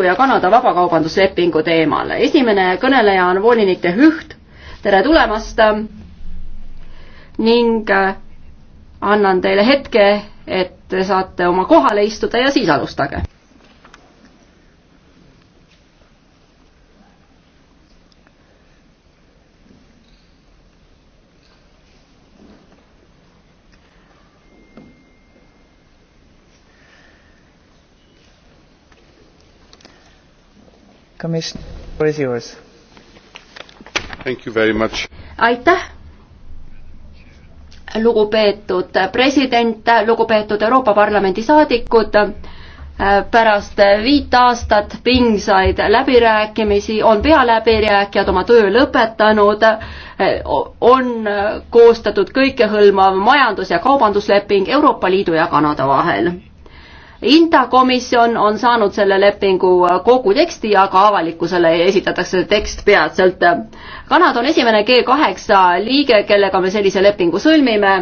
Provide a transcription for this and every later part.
ja Kanada vabakaubanduslepingu teemal. esimene kõneleja on volinik De Hüht, tere tulemast ning äh, annan teile hetke, et te saate oma kohale istuda ja siis alustage. aitäh, lugupeetud president, lugupeetud Euroopa Parlamendi saadikud pärast viit aastat pingsaid läbirääkimisi on pealäbirääkijad oma töö lõpetanud, on koostatud kõikehõlmav majandus- ja kaubandusleping Euroopa Liidu ja Kanada vahel Inta komisjon on saanud selle lepingu äh, kogu teksti ja ka avalikkusele esitatakse tekst peatselt. Kanada on esimene G kaheksa liige, kellega me sellise lepingu sõlmime.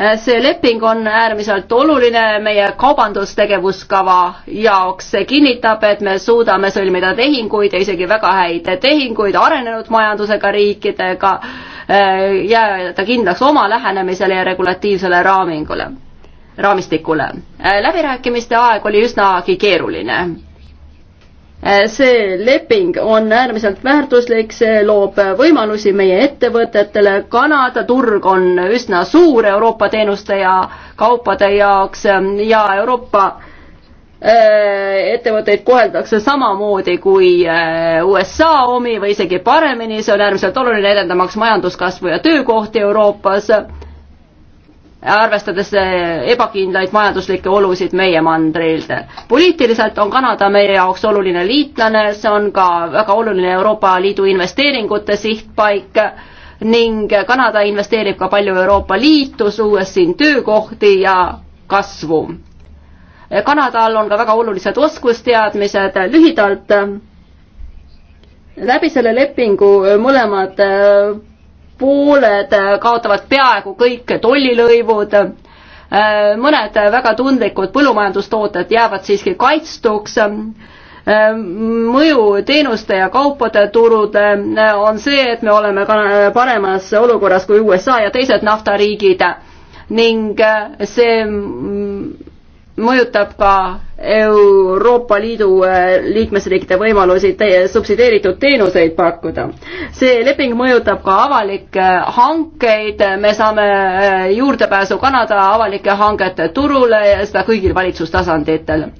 Äh, see leping on äärmiselt oluline meie kaubandustegevuskava jaoks, see kinnitab, et me suudame sõlmida tehinguid ja isegi väga häid tehinguid arenenud majandusega riikidega, äh, jääda kindlaks oma lähenemisele ja regulatiivsele raamingule raamistikule. Äh, läbirääkimiste aeg oli üsnagi keeruline äh, see leping on äärmiselt väärtuslik, see loob võimalusi meie ettevõtetele, Kanada turg on üsna suur Euroopa teenuste ja kaupade jaoks ähm, ja Euroopa äh, ettevõtteid koheldakse samamoodi kui USA omi või isegi paremini, see on äärmiselt oluline edendamaks majanduskasvu ja töökohti Euroopas arvestades äh, ebakindlaid majanduslikke olusid meie mandril. poliitiliselt on Kanada meie jaoks oluline liitlane, see on ka väga oluline Euroopa Liidu investeeringute sihtpaik ning Kanada investeerib ka palju Euroopa Liitu, suues siin töökohti ja kasvu. Kanadal on ka väga olulised oskusteadmised, lühidalt läbi selle lepingu mõlemad äh, pooled äh, kaotavad peaaegu kõik tollilõivud, äh, mõned väga tundlikud põllumajandustooted jäävad siiski kaitstuks, äh, mõju teenuste ja kaupade turud on see, et me oleme ka paremas olukorras kui USA ja teised naftariigid ning see mõjutab ka Euroopa Liidu äh, liikmesriikide võimalusi subsideeritud teenuseid pakkuda. see leping mõjutab ka avalikke hankeid, me saame äh, juurdepääsu Kanada avalike hangete turule ja seda kõigil valitsustasanditel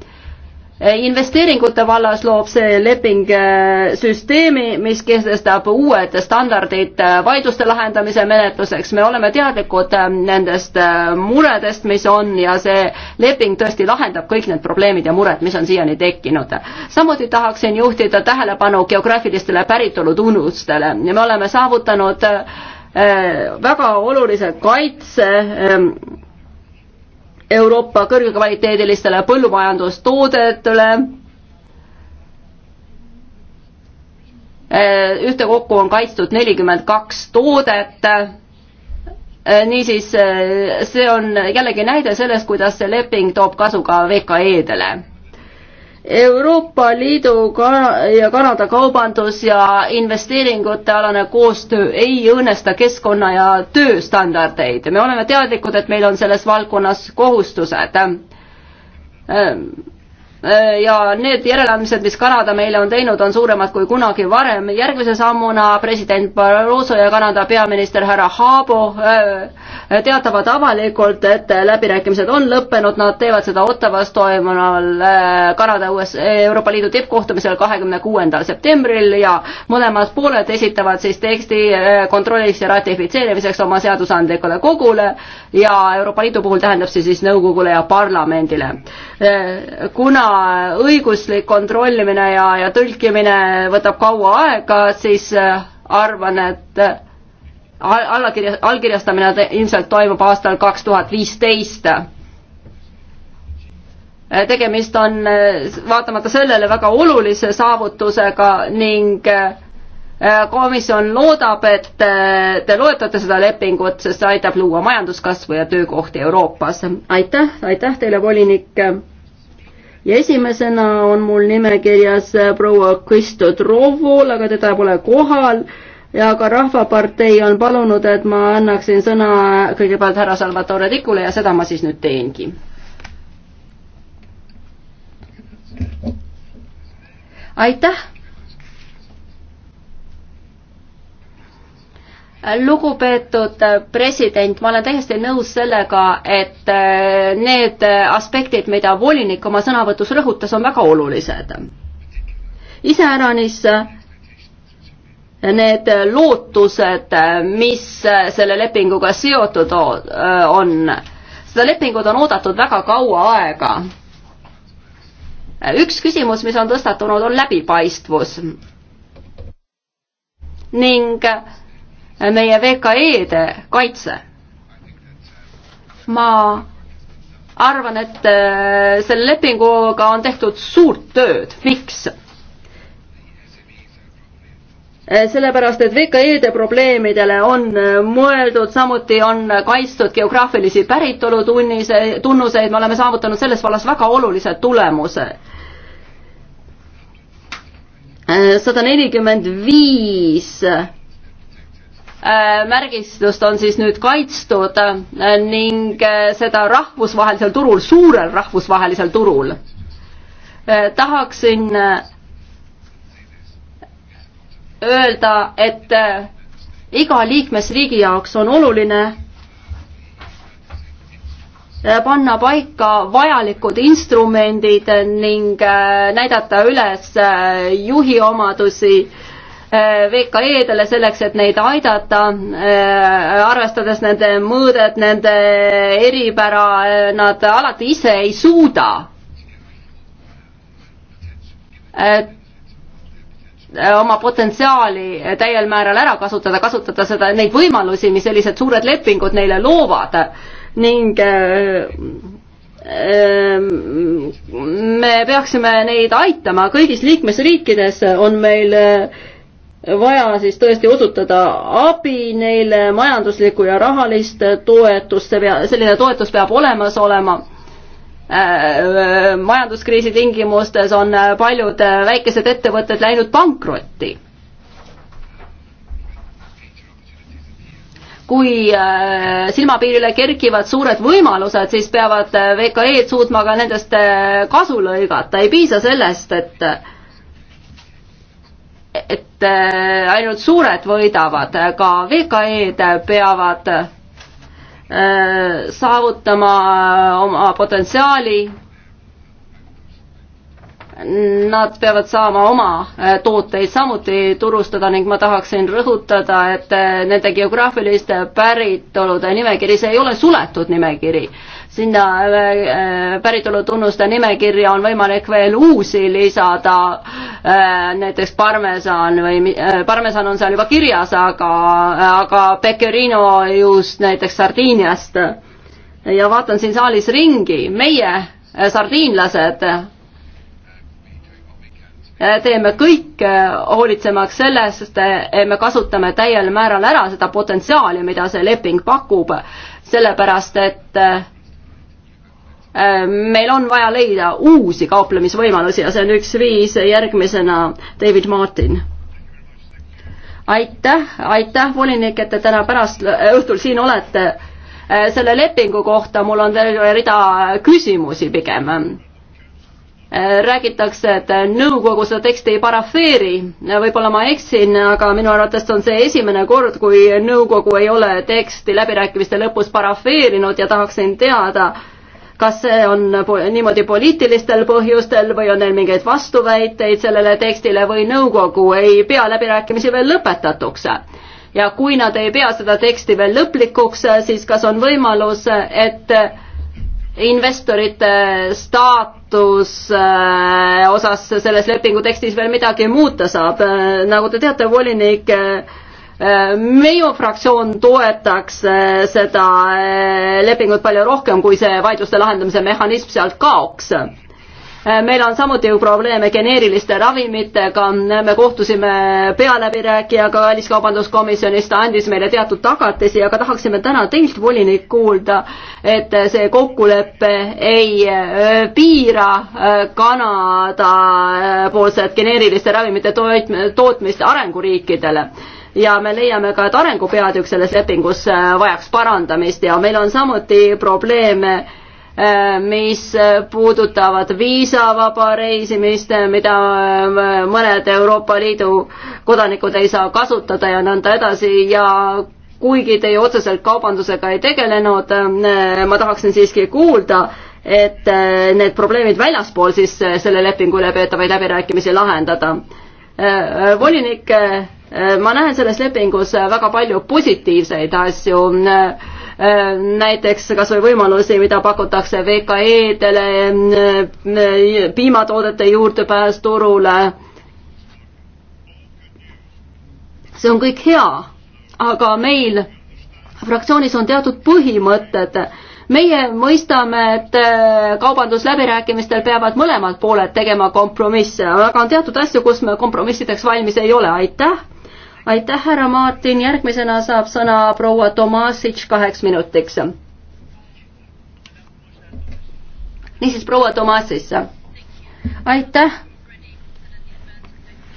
Eh, investeeringute vallas loob see leping eh, süsteemi, mis kehtestab uued standardid eh, vaidluste lahendamise menetluseks. me oleme teadlikud nendest muredest, mis on ja see leping tõesti lahendab kõik need probleemid ja mured, mis on siiani tekkinud. samuti tahaksin juhtida tähelepanu geograafilistele päritolutunnustele. me oleme saavutanud väga olulise kaitse Euroopa kõrgekvaliteedilistele põllumajandustoodetele. Äh, ühtekokku on kaitstud nelikümmend kaks toodet. Äh, niisiis, äh, see on jällegi näide sellest, kuidas see leping toob kasu ka VKE-dele Euroopa Liidu ja Kanada kaubandus- ja investeeringutealane koostöö ei õõnesta keskkonna ja tööstandardeid. me oleme teadlikud, et meil on selles valdkonnas kohustused ehm, Äh, ja need järeleandmised, mis Kanada meile on teinud, on suuremad kui kunagi varem. järgmise sammuna president Barroso ja Kanada peaminister härra Haabo äh, teatavad avalikult, et läbirääkimised on lõppenud, nad teevad seda Ottawas toimuval äh, Kanada US, Euroopa Liidu tippkohtumisel kahekümne kuuendal septembril ja mõlemad pooled esitavad siis teksti kontrolliks ja ratifitseerimiseks oma seadusandlikule kogule ja Euroopa Liidu puhul tähendab see siis nõukogule ja parlamendile kuna õiguslik kontrollimine ja, ja tõlkimine võtab kaua aega, siis äh, arvan, et äh, allakirja, allkirjastamine ilmselt toimub aastal kaks tuhat viisteist äh, tegemist on vaatamata sellele väga olulise saavutusega ning komisjon loodab, et te loetate seda lepingut, sest see aitab luua majanduskasvu ja töökohti Euroopas. aitäh, aitäh teile, volinik ja esimesena on mul nimekirjas äh, proua Kristo Trovool, aga teda pole kohal ja ka Rahvapartei on palunud, et ma annaksin sõna kõigepealt härra Salvatore Tikule ja seda ma siis nüüd teengi. aitäh lugupeetud äh, president, ma olen täiesti nõus sellega, et äh, need äh, aspektid, mida volinik oma sõnavõtus rõhutas, on väga olulised. iseäranis need lootused, mis selle lepinguga seotud on, seda lepingut on oodatud väga kaua aega. üks küsimus, mis on tõstatunud, on läbipaistvus. ning meie VKE-de kaitse. ma arvan, et äh, selle lepinguga on tehtud suurt tööd, miks? Äh, sellepärast, et VKE-de probleemidele on äh, mõeldud, samuti on kaitstud geograafilisi päritolu tunnise, tunnuseid, me oleme saavutanud selles vallas väga olulise tulemuse. sada nelikümmend viis Äh, märgistust on siis nüüd kaitstud äh, ning äh, seda rahvusvahelisel turul, suurel rahvusvahelisel turul. tahaksin öelda, et iga liikmesriigi jaoks on oluline panna paika vajalikud instrumendid ning näidata üles juhi omadusi äh, Äh, VKE-dele selleks, et neid aidata, äh, arvestades nende mõõdet, nende eripära, äh, nad alati ise ei suuda oma potentsiaali täiel määral ära kasutada, kasutada seda, neid võimalusi, mis sellised suured lepingud neile loovad ning me peaksime neid aitama, kõigis liikmesriikides on meil vaja siis tõesti osutada abi neile, majanduslikku ja rahalist toetust, see pea, selline toetus peab olemas olema äh,. majanduskriisi tingimustes on paljud väikesed ettevõtted läinud pankrotti. kui äh, silmapiirile kerkivad suured võimalused, siis peavad VKE-d suutma ka nendest äh, kasu lõigata, ei piisa sellest, et et äh, ainult suured võidavad, ka VKE-d peavad äh, saavutama äh, oma potentsiaali. Nad peavad saama oma tooteid samuti turustada ning ma tahaksin rõhutada, et nende geograafiliste päritolude nimekiri, see ei ole suletud nimekiri sinna äh, päritolutunnuste nimekirja on võimalik veel uusi lisada, äh, näiteks parmesan või, äh, parmesan on seal juba kirjas, aga, aga pecorino just näiteks Sardiiniast. ja vaatan siin saalis ringi, meie sardiinlased teeme kõik hoolitsemaks sellest, me kasutame täiel määral ära seda potentsiaali, mida see leping pakub, sellepärast et Äh, meil on vaja leida uusi kauplemisvõimalusi ja see on üks viis, järgmisena David Martin. aitäh, aitäh, volinik, et te täna pärast, äh, õhtul siin olete. Äh, selle lepingu kohta mul on veel rida küsimusi pigem. räägitakse, et nõukogu seda teksti ei parafeeri, võib-olla ma eksin, aga minu arvates on see esimene kord, kui nõukogu ei ole teksti läbirääkimiste lõpus parafeerinud ja tahaksin teada, kas see on niimoodi poliitilistel põhjustel või on neil mingeid vastuväiteid sellele tekstile või nõukogu ei pea läbirääkimisi veel lõpetatuks? ja kui nad ei pea seda teksti veel lõplikuks, siis kas on võimalus, et investorite staatus äh, osas selles lepingu tekstis veel midagi muuta saab. Äh, nagu te teate, volinik äh, Äh, minu fraktsioon toetaks äh, seda äh, lepingut palju rohkem, kui see vaidluste lahendamise mehhanism sealt kaoks meil on samuti ju probleeme geneeriliste ravimitega, me kohtusime pealäbirääkijaga Väliskaubanduskomisjonis, ta andis meile teatud tagatisi, aga tahaksime täna teilt, volinik, kuulda, et see kokkulepe ei piira Kanada poolset geneeriliste ravimite toit-, tootmist arenguriikidele ja me leiame ka, et arengupeatükk selles lepingus äh, vajaks parandamist ja meil on samuti probleeme äh, mis puudutavad viisavaba reisimist, mida äh, mõned Euroopa Liidu kodanikud ei saa kasutada ja nõnda edasi ja kuigi teie otseselt kaubandusega ei tegelenud, ma tahaksin siiski kuulda, et need probleemid väljaspool siis selle lepingu üle peetavaid läbirääkimisi lahendada. volinik Äh, ma näen selles lepingus äh, väga palju positiivseid asju, äh, näiteks kas või võimalusi, mida pakutakse VKE-dele, piimatoodete juurdepääs turule. see on kõik hea, aga meil fraktsioonis on teatud põhimõtted. meie mõistame, et kaubandusläbirääkimistel peavad mõlemad pooled tegema kompromisse, aga on teatud asju, kus me kompromissideks valmis ei ole, aitäh aitäh, härra Martin, järgmisena saab sõna proua Tomasic kaheks minutiks. niisiis, proua Tomasic, aitäh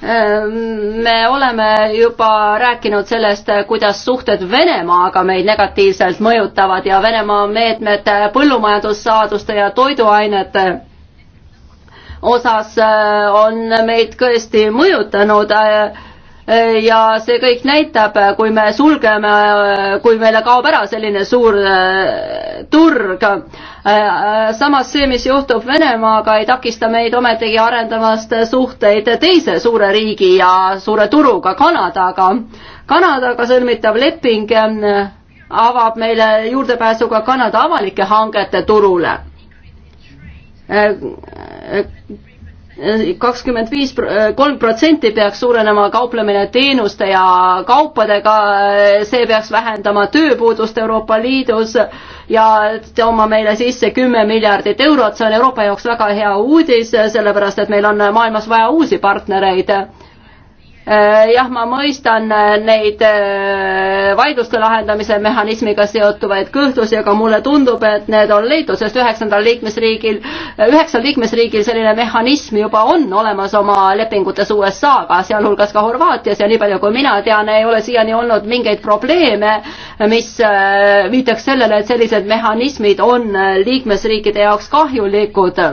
ehm, me oleme juba rääkinud sellest, kuidas suhted Venemaaga meid negatiivselt mõjutavad ja Venemaa meetmed põllumajandussaaduste ja toiduainete osas ehm, on meid tõesti mõjutanud ehm, ja see kõik näitab, kui me sulgeme, kui meile kaob ära selline suur äh, turg. Äh, äh, samas see, mis juhtub Venemaaga, ei takista meid ometigi arendamast suhteid teise suure riigi ja suure turuga, Kanadaga. Kanadaga sõlmitav leping avab meile juurdepääsu ka Kanada avalike hangete turule kakskümmend viis, äh, kolm protsenti peaks suurenema kauplemine teenuste ja kaupadega, äh, see peaks vähendama tööpuudust Euroopa Liidus ja tooma meile sisse kümme miljardit eurot, see on Euroopa jaoks väga hea uudis, sellepärast et meil on maailmas vaja uusi partnereid Äh, jah, ma mõistan äh, neid äh, vaidluste lahendamise mehhanismiga seotuvaid kõhtusi, aga mulle tundub, et need on leitud, sest üheksandal liikmesriigil, üheksal liikmesriigil selline mehhanism juba on olemas oma lepingutes USA-ga, sealhulgas ka Horvaatias ja nii palju, kui mina tean, ei ole siiani olnud mingeid probleeme, mis viitaks sellele, et sellised mehhanismid on liikmesriikide jaoks kahjulikud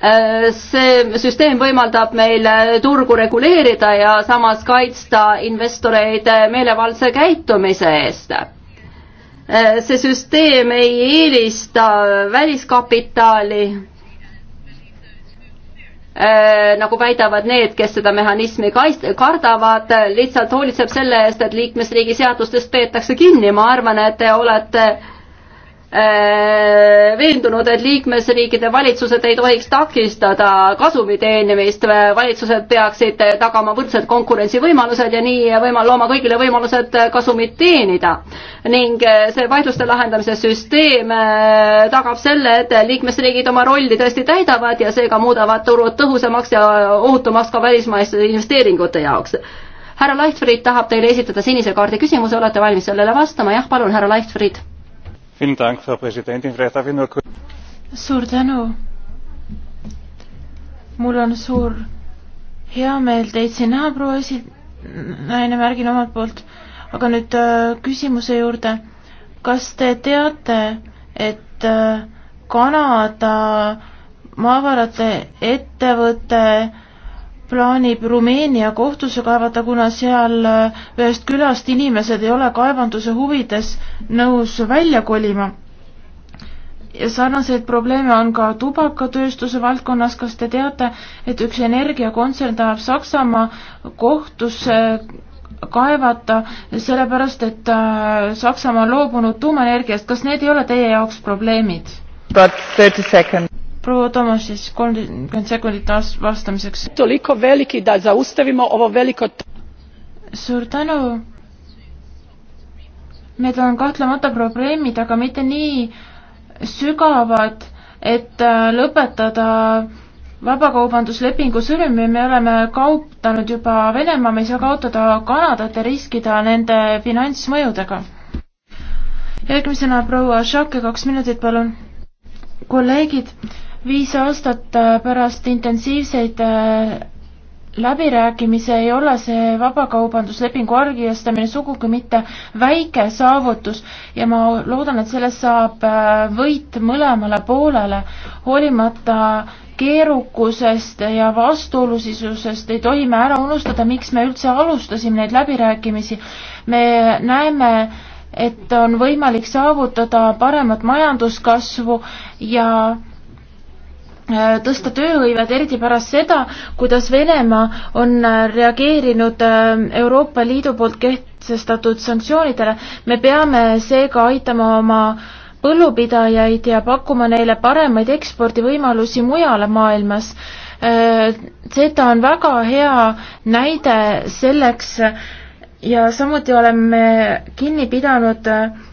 Äh, see süsteem võimaldab meil äh, turgu reguleerida ja samas kaitsta investoreid äh, meelevaldse käitumise eest. see süsteem ei eelista väliskapitaali, nagu väidavad need, kes seda mehhanismi kaist-, kardavad, lihtsalt hoolitseb selle eest, et liikmesriigi seadustest peetakse kinni, ma arvan, et te olete äh, Äh, veendunud, et liikmesriikide valitsused ei tohiks takistada kasumi teenimist, äh, valitsused peaksid tagama võrdsed konkurentsivõimalused ja nii võima-, looma kõigile võimalused kasumit teenida. ning äh, see vaidluste lahendamise süsteem tagab selle, et liikmesriigid oma rolli tõesti täidavad ja seega muudavad turud tõhusamaks ja ohutumaks ka välismaiste investeeringute jaoks. härra Leichtfried tahab teile esitada sinise kaardi küsimuse, olete valmis sellele vastama, jah, palun, härra Leichtfried suur tänu. mul on suur heameel teid siin näha, proua esi-, naine märgin omalt poolt, aga nüüd äh, küsimuse juurde. kas te teate, et äh, Kanada maavarade ettevõte äh, plaanib Rumeenia kohtusse kaevata, kuna seal äh, ühest külast inimesed ei ole kaevanduse huvides nõus välja kolima. ja sarnaseid probleeme on ka tubakatööstuse valdkonnas, kas te teate, et üks energiakontsern tahab Saksamaa kohtusse kaevata, sellepärast et äh, Saksamaa on loobunud tuumaenergiast, kas need ei ole teie jaoks probleemid? proua Tomasis, kolmkümmend sekundit vastamiseks. suur tänu. Need on kahtlemata probleemid, aga mitte nii sügavad, et äh, lõpetada vabakaubanduslepingu sõlmimine, me oleme kaotanud juba Venemaa, me ei saa kaotada Kanadat ja riskida nende finantsmõjudega. järgmisena proua Šake, kaks minutit, palun. kolleegid viis aastat äh, pärast intensiivseid äh, läbirääkimisi ei ole see vabakaubanduslepingu allkirjastamine sugugi mitte väike saavutus ja ma loodan, et sellest saab äh, võit mõlemale poolele. hoolimata keerukusest ja vastuolusisusest ei tohi me ära unustada, miks me üldse alustasime neid läbirääkimisi. me näeme, et on võimalik saavutada paremat majanduskasvu ja Äh, tõsta tööhõivet, eriti pärast seda, kuidas Venemaa on äh, reageerinud äh, Euroopa Liidu poolt kehtestatud sanktsioonidele. me peame seega aitama oma põllupidajaid ja pakkuma neile paremaid ekspordivõimalusi mujale maailmas. Zeta on väga hea näide selleks, ja samuti oleme kinni pidanud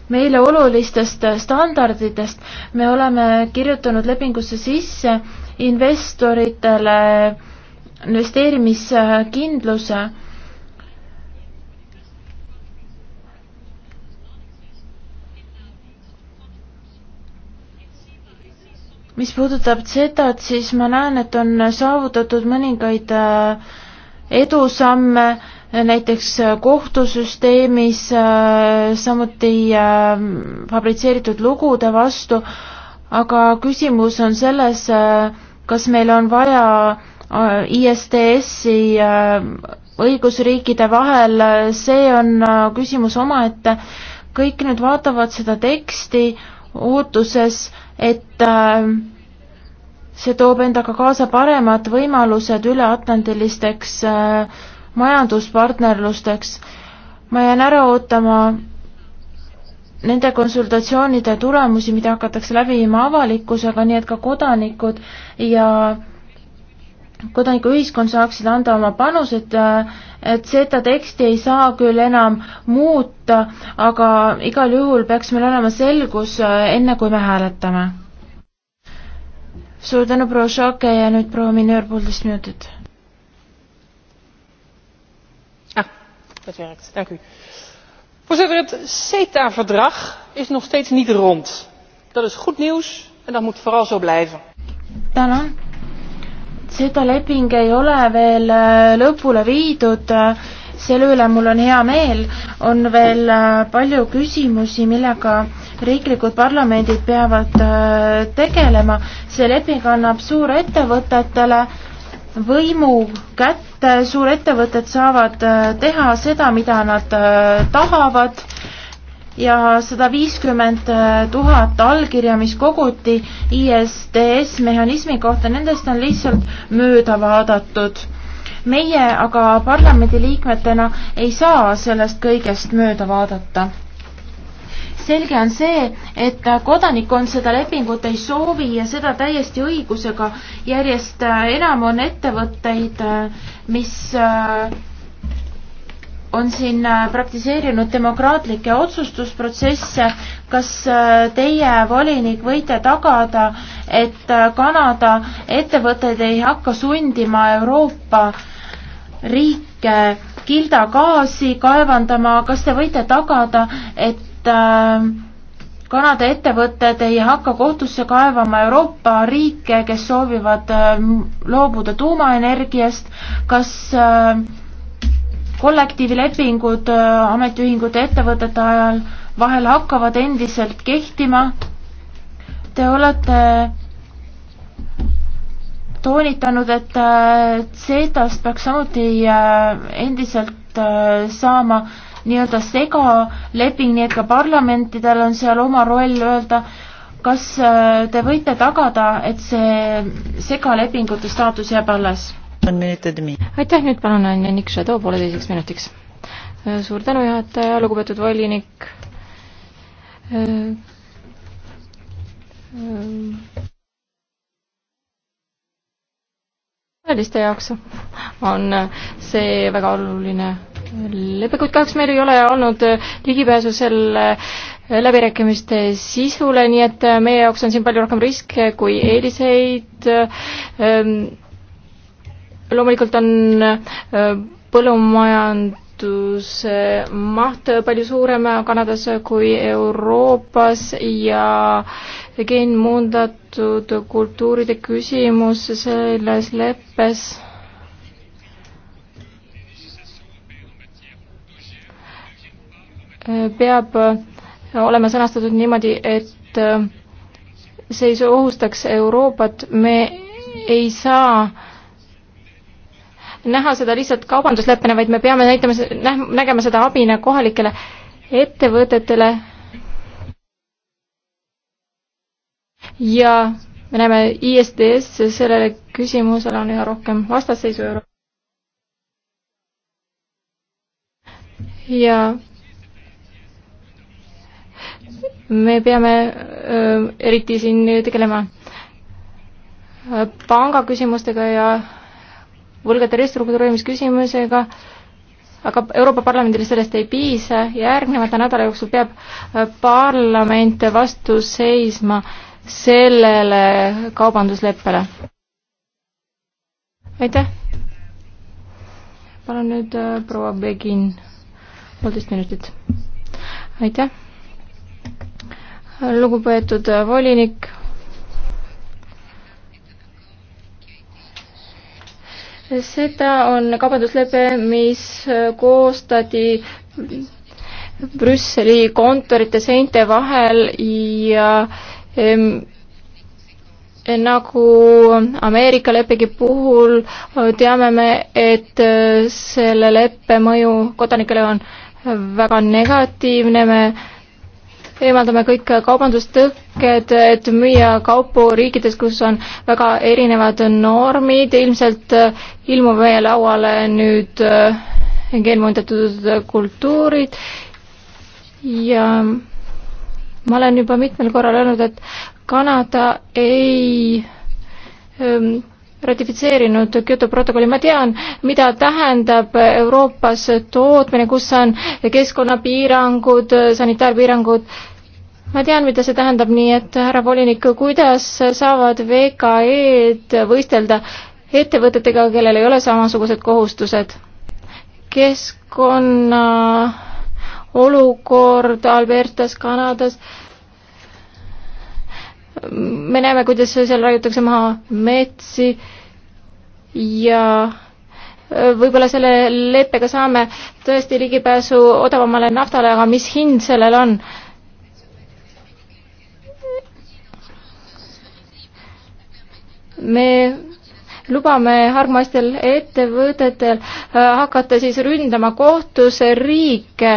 meile olulistest standarditest. me oleme kirjutanud lepingusse sisse investoritele investeerimiskindluse. mis puudutab Z-d, siis ma näen, et on saavutatud mõningaid edusamme näiteks äh, kohtusüsteemis, äh, samuti äh, fabritseeritud lugude vastu, aga küsimus on selles, kas meil on vaja ISDS-i õigusriikide vahel, see on küsimus omaette. kõik nüüd vaatavad seda teksti ootuses, et see toob endaga kaasa paremad võimalused üleatlandilisteks äh, majanduspartnerlusteks. ma jään ära ootama nende konsultatsioonide tulemusi, mida hakatakse läbi viima avalikkusega, nii et ka kodanikud ja kodanikuühiskond saaksid anda oma panused, et seda teksti ei saa küll enam muuta, aga igal juhul peaks meil olema selgus, enne kui me hääletame. suur tänu, proua Šake ja nüüd proua Minöör, poolteist minutit voorzitter het ceta verdrag is nog steeds niet rond. dat is goed nieuws en dat moet vooral zo blijven. ceta leping ei ole veel äh, lõpule viidud selle üle mul on hea meel on veel äh, palju küsimusi millega riiklikud parlamendid peavad äh, tegelema see leping annab suurettevõtetele võimu kätte, suurettevõtted saavad äh, teha seda, mida nad äh, tahavad ja sada viiskümmend äh, tuhat allkirja, mis koguti ISDS mehhanismi kohta, nendest on lihtsalt mööda vaadatud. meie aga parlamendiliikmetena ei saa sellest kõigest mööda vaadata selge on see, et kodanikkond seda lepingut ei soovi ja seda täiesti õigusega. järjest äh, enam on ettevõtteid, äh, mis äh, on siin praktiseerinud demokraatlikke otsustusprotsesse. kas teie, volinik, võite tagada, et Kanada ettevõtted ei hakka sundima Euroopa riike Gilda gaasi kaevandama, kas te võite tagada, et Äh, Kanada ettevõtted ei hakka kohtusse kaevama Euroopa riike, kes soovivad äh, loobuda tuumaenergiast, kas äh, kollektiivlepingud ametiühingute ettevõtete ajal vahel hakkavad endiselt kehtima. Te olete toonitanud, et CETA-st peaks samuti endiselt saama nii-öelda segaleping, nii et ka parlamentidel on seal oma roll öelda, kas äh, te võite tagada, et see segalepingute staatus jääb alles? aitäh, nüüd palun on Janik Šedo pooleteiseks minutiks. Äh, suur tänu, juhataja, lugupeetud volinik. roheliste äh, jaoks on see väga oluline lepe, kuid kahjuks meil ei ole olnud äh, ligipääsu selle äh, läbirääkimiste sisule, nii et äh, meie jaoks on siin palju rohkem riske kui eeliseid. Ähm, loomulikult on põllumajanduse maht palju suurem Kanadas kui Euroopas ja geenmuundatud kultuuride küsimus selles leppes peab äh, olema sõnastatud niimoodi, et äh, see ei ohustaks Euroopat, me ei saa näha seda lihtsalt kaubandusleppena, vaid me peame näitama, nägema seda abina kohalikele ettevõtetele. ja me näeme ISDS, sellele küsimusele on üha rohkem vastasseisu Euroopas. ja me peame eriti siin tegelema pangaküsimustega ja võlgade restruktureerimisküsimusega, aga Euroopa Parlamendile sellest ei piisa, järgnevate nädala jooksul peab parlament vastu seisma sellele kaubandusleppele. aitäh! palun nüüd proua Begin, poolteist minutit. aitäh! lugupeetud volinik. seda on kaubanduslepe, mis koostati Brüsseli kontorite seinte vahel ja em, nagu Ameerika leppegi puhul teame me, et selle leppe mõju kodanikele on väga negatiivne, me eemaldame kõik kaubandustõkked, et müüa kaupu riikides, kus on väga erinevad normid, ilmselt ilmub meie lauale nüüd äh, geenmuundatud kultuurid ja ma olen juba mitmel korral öelnud, et Kanada ei ähm, ratifitseerinud Kyoto protokolli, ma tean, mida tähendab Euroopas tootmine, kus on keskkonnapiirangud, sanitaarpiirangud, ma tean, mida see tähendab, nii et härra volinik, kuidas saavad VKE-d võistelda ettevõtetega, kellel ei ole samasugused kohustused? keskkonna olukord Albertas, Kanadas äh, me näeme, kuidas seal raiutakse maha metsi ja äh, võib-olla selle leppega saame tõesti ligipääsu odavamale naftale, aga mis hind sellel on? me lubame hargmaistel ettevõtetel äh, hakata siis ründama kohtus riike.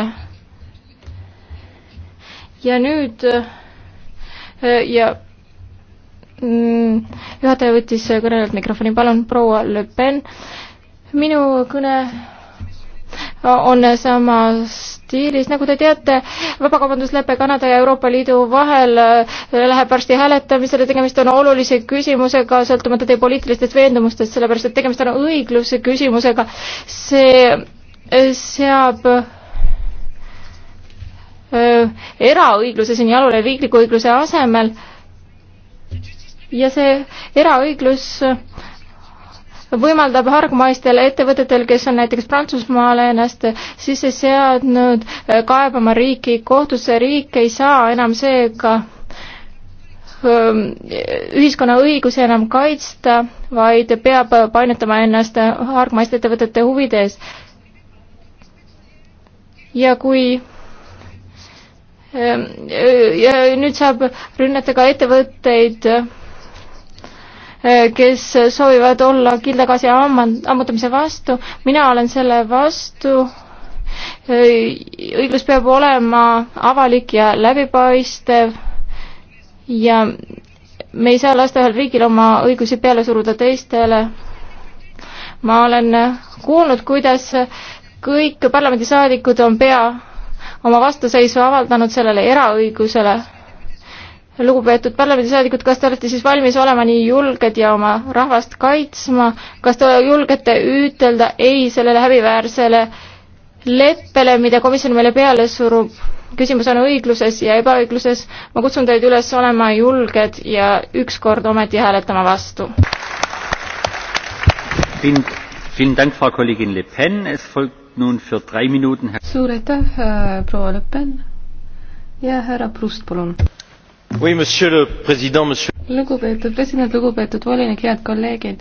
ja nüüd äh, ja Mm, juhataja võttis kõnelejalt mikrofoni, palun, proua Le Pen. minu kõne on samas stiilis, nagu te teate, vabakaubanduslepe Kanada ja Euroopa Liidu vahel äh, läheb varsti hääletamisele, tegemist on olulise küsimusega, sõltumata teie poliitilistest veendumustest, sellepärast et tegemist on õigluse küsimusega. see äh, seab äh, eraõigluse siin jalule riikliku õigluse asemel ja see eraõiglus võimaldab hargmaistel ettevõtetel, kes on näiteks Prantsusmaale ennast sisse seadnud, kaebama riiki kohtusse, riik ei saa enam seega ähm, ühiskonna õigusi enam kaitsta, vaid peab painutama ennast hargmaiste ettevõtete huvides. ja kui ähm, ja nüüd saab rünnata ka ettevõtteid, Eh, kes soovivad olla kildagaasi ammutamise vastu. mina olen selle vastu. Eh, õiglus peab olema avalik ja läbipaistev ja me ei saa lasta ühel riigil oma õigusi peale suruda teistele. ma olen kuulnud, kuidas kõik parlamendisaadikud on pea oma vastuseisu avaldanud sellele eraõigusele lugupeetud parlamendisaadikud, kas te olete siis valmis olema nii julged ja oma rahvast kaitsma, kas te julgete ütelda ei sellele häbiväärsele leppele, mida komisjon meile peale surub? küsimus on õigluses ja ebaõigluses. ma kutsun teid üles olema julged ja ükskord ometi hääletama vastu. suur aitäh, äh, proua Le Pen ja härra Prust, palun lugupeetud president, lugupeetud volinik, head kolleegid.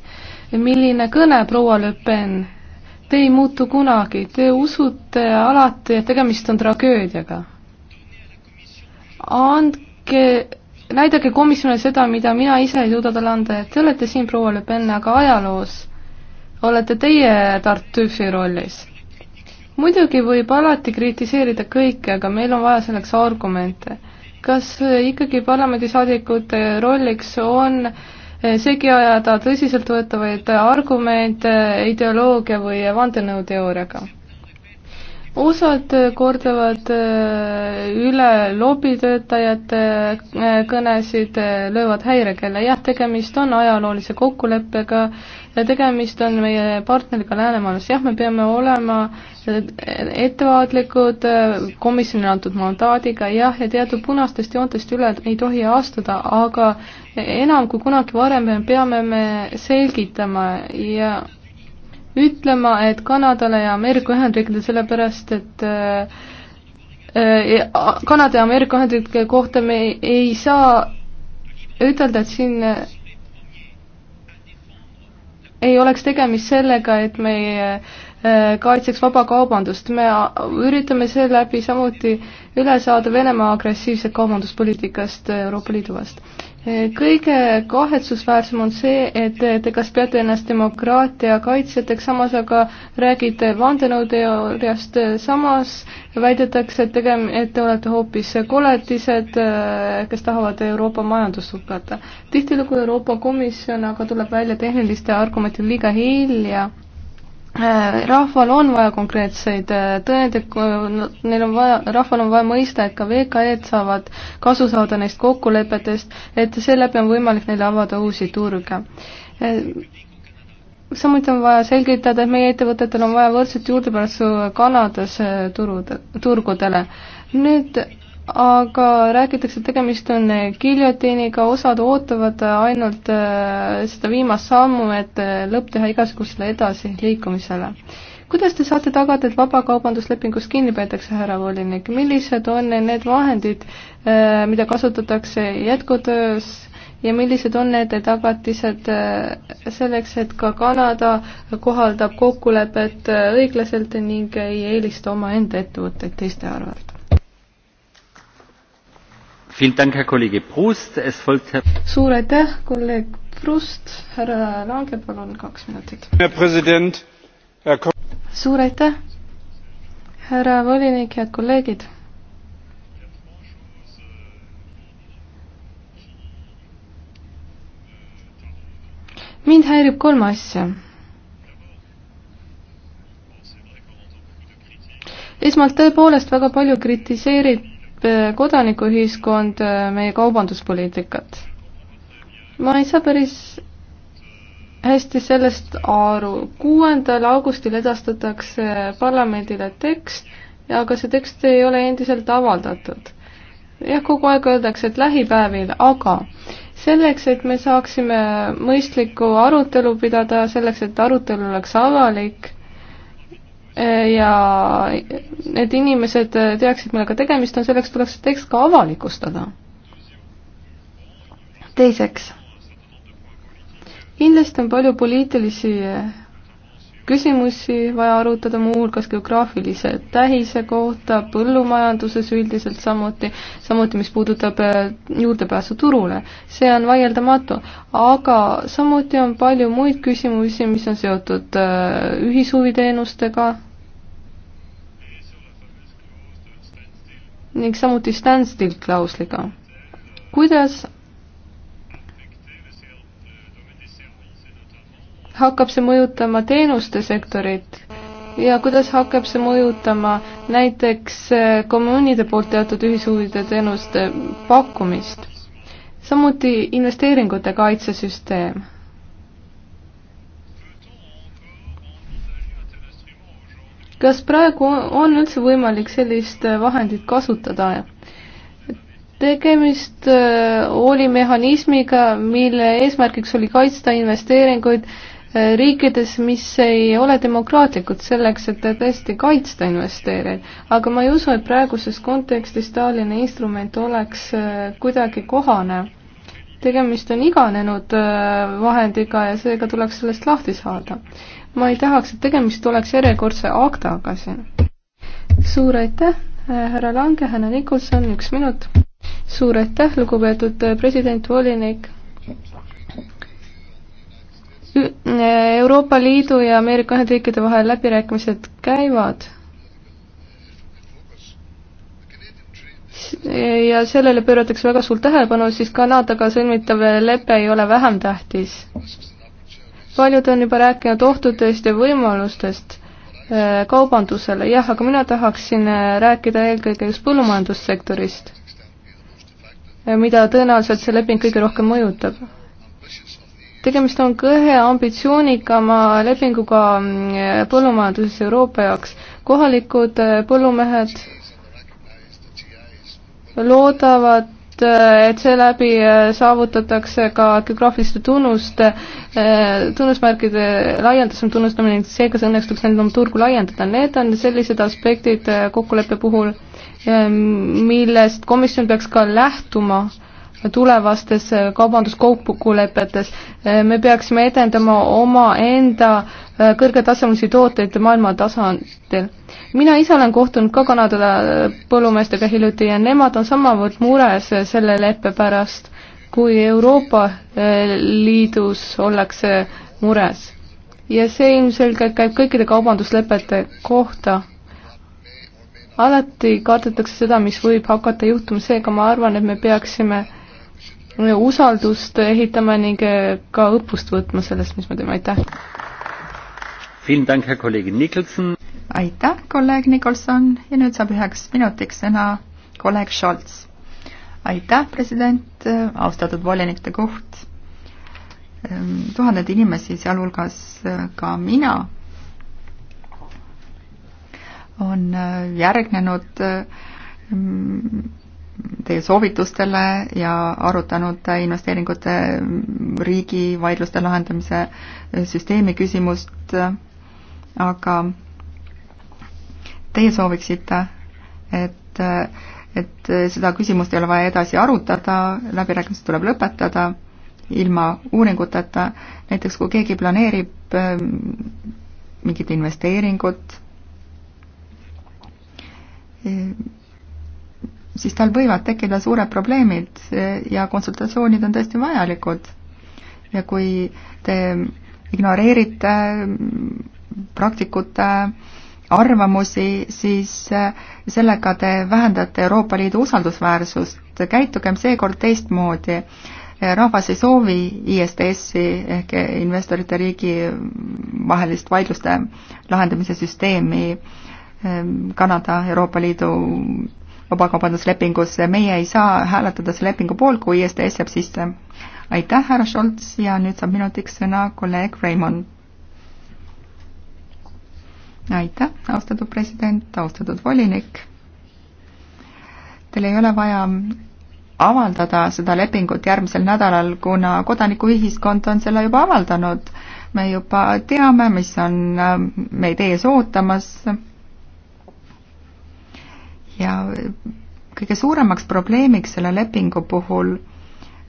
milline kõne, proua Le Pen. Te ei muutu kunagi, te usute alati, et tegemist on tragöödiaga. andke, näidake komisjonile seda, mida mina ise ei suuda talle anda, et te olete siin, proua Le Pen, aga ajaloos olete teie Tartüfi rollis. muidugi võib alati kritiseerida kõike, aga meil on vaja selleks argumente kas äh, ikkagi parlamendisaadikute rolliks on äh, segi ajada tõsiseltvõetavaid argumente äh, ideoloogia või vandenõuteooriaga? osad kordavad äh, üle lobitöötajate äh, kõnesid, äh, löövad häirekella, jah, tegemist on ajaloolise kokkuleppega ja tegemist on meie partneriga Läänemaailmas, jah, me peame olema ettevaatlikud komisjonile antud mandaadiga, jah, ja teatud punastest joontest üle ei tohi astuda, aga enam kui kunagi varem peame me selgitama ja ütlema, et Kanadale ja Ameerika Ühendriikidele, sellepärast et äh, äh, Kanada ja Ameerika Ühendriikide kohta me ei, ei saa ütelda, et siin äh, ei oleks tegemist sellega, et me kaitseks vabakaubandust, me üritame seeläbi samuti üle saada Venemaa agressiivsest kaubanduspoliitikast Euroopa Liidu vastu kõige kahetsusväärsem on see, et te kas peate ennast demokraatia kaitsjateks, samas aga räägite vandenõuteooriast, samas väidetakse, et tegem-, et te olete hoopis koletised, kes tahavad Euroopa majandust hukata. tihtilugu Euroopa Komisjon aga tuleb välja tehniliste argumentidega liiga hilja Äh, rahval on vaja konkreetseid äh, tõendeid, neil on vaja, rahval on vaja mõista, et ka VKE-d saavad kasu saada neist kokkulepetest, et seeläbi on võimalik neile avada uusi turge. Äh, samuti on vaja selgitada, et meie ettevõtetel on vaja võrdset juurdepääsu Kanadas turud, turgudele. nüüd aga räägitakse, et tegemist on giljotiiniga, osad ootavad ainult äh, seda viimast sammu, et äh, lõpp teha igasugusele edasiliikumisele. kuidas te saate tagada, et vabakaubanduslepingust kinni peetakse, härra volinik, millised on need vahendid, äh, mida kasutatakse jätkutöös ja millised on need tagatised selleks, et ka Kanada kohaldab kokkulepet õiglaselt ning ei eelista omaenda ettevõtteid teiste arvelt? suur aitäh, kolleeg Prust, härra Lange, palun kaks minutit. suur aitäh, härra volinik, head kolleegid. mind häirib kolm asja esmalt tõepoolest väga palju kritiseeriti kodanikuühiskond äh, meie kaubanduspoliitikat. ma ei saa päris hästi sellest aru. kuuendal augustil edastatakse parlamendile tekst, aga see tekst ei ole endiselt avaldatud. jah, kogu aeg öeldakse, et lähipäevil, aga selleks, et me saaksime mõistlikku arutelu pidada, selleks, et arutelu oleks avalik, ja et inimesed teaksid, millega tegemist on, selleks tuleks see tekst ka avalikustada. teiseks, kindlasti on palju poliitilisi küsimusi vaja arutada, muuhulgas geograafilise tähise kohta, põllumajanduses üldiselt samuti, samuti mis puudutab eh, juurdepääsu turule. see on vaieldamatu, aga samuti on palju muid küsimusi, mis on seotud eh, ühishuviteenustega ning samuti standstill klausliga. kuidas hakkab see mõjutama teenuste sektorit ja kuidas hakkab see mõjutama näiteks eh, kommuunide poolt teatud ühishuvide teenuste pakkumist? samuti investeeringute kaitsesüsteem kas praegu on üldse võimalik sellist äh, vahendit kasutada? tegemist äh, oli mehhanismiga, mille eesmärgiks oli kaitsta investeeringuid äh, riikides, mis ei ole demokraatlikud selleks, et tõesti kaitsta investeerijaid. aga ma ei usu, et praeguses kontekstis taoline instrument oleks kuidagi kohane. tegemist on iganenud vahendiga ja seega tuleks sellest lahti saada ma ei tahaks, et tegemist oleks järjekordse aktaga siin. suur aitäh, äh, härra Lange, härra Nikolson, üks minut. suur aitäh, lugupeetud äh, president, volinik. Äh, Euroopa Liidu ja Ameerika Ühendriikide vahel läbirääkimised käivad ja sellele pööratakse väga suurt tähelepanu, siis Kanadaga sõlmitav lepe ei ole vähem tähtis paljud on juba rääkinud ohtudest ja võimalustest äh, kaubandusele, jah, aga mina tahaksin äh, rääkida eelkõige just põllumajandussektorist, äh, mida tõenäoliselt see leping kõige rohkem mõjutab. tegemist on kõhe ambitsioonikama lepinguga mm, põllumajanduses Euroopa jaoks. kohalikud põllumehed loodavad et seeläbi äh, saavutatakse ka geograafiliste tunnuste, äh, tunnusmärkide laialdasem tunnustamine, seega see õnnestuks neil oma turgu laiendada. Need on sellised aspektid äh, kokkuleppe puhul, ähm, millest komisjon peaks ka lähtuma tulevastes äh, kaubanduskokkulepetes. Äh, me peaksime edendama omaenda äh, kõrgetasemelisi tooteid maailma tasandil. mina ise olen kohtunud ka Kanada põllumeestega hiljuti ja nemad on samavõrd mures selle leppe pärast, kui Euroopa Liidus ollakse mures. ja see ilmselgelt käib kõikide kaubanduslepete kohta alati kardetakse seda, mis võib hakata juhtuma, seega ma arvan, et me peaksime äh, usaldust ehitama ning äh, ka õppust võtma sellest, mis me teeme, aitäh! aitäh, kolleeg Nikolson ja nüüd saab üheks minutiks sõna kolleeg Scholz. aitäh, president, äh, austatud volinike koht. Ähm, tuhanded inimesi, sealhulgas äh, ka mina, on järgnenud teie soovitustele ja arutanud investeeringute riigi vaidluste lahendamise süsteemi küsimust, aga teie sooviksite, et, et seda küsimust ei ole vaja edasi arutada, läbirääkimised tuleb lõpetada ilma uuringuteta, näiteks kui keegi planeerib äh, mingit investeeringut, siis tal võivad tekkida suured probleemid eh, ja konsultatsioonid on tõesti vajalikud. ja kui te ignoreerite mm, praktikute arvamusi, siis eh, sellega te vähendate Euroopa Liidu usaldusväärsust. käitugem seekord teistmoodi. Eh, rahvas ei soovi ISDS-i ehk investorite riigi mm, vahelist vaidluste lahendamise süsteemi Kanada Euroopa Liidu vabakaubanduslepingus, meie ei saa hääletada selle lepingu poolt, kui ISDS jääb sisse. aitäh, härra Scholz ja nüüd saab minutiks sõna kolleeg Raimond. aitäh, austatud president, austatud volinik. Teil ei ole vaja avaldada seda lepingut järgmisel nädalal, kuna kodanikuühiskond on selle juba avaldanud. me juba teame, mis on äh, meid ees ootamas ja kõige suuremaks probleemiks selle lepingu puhul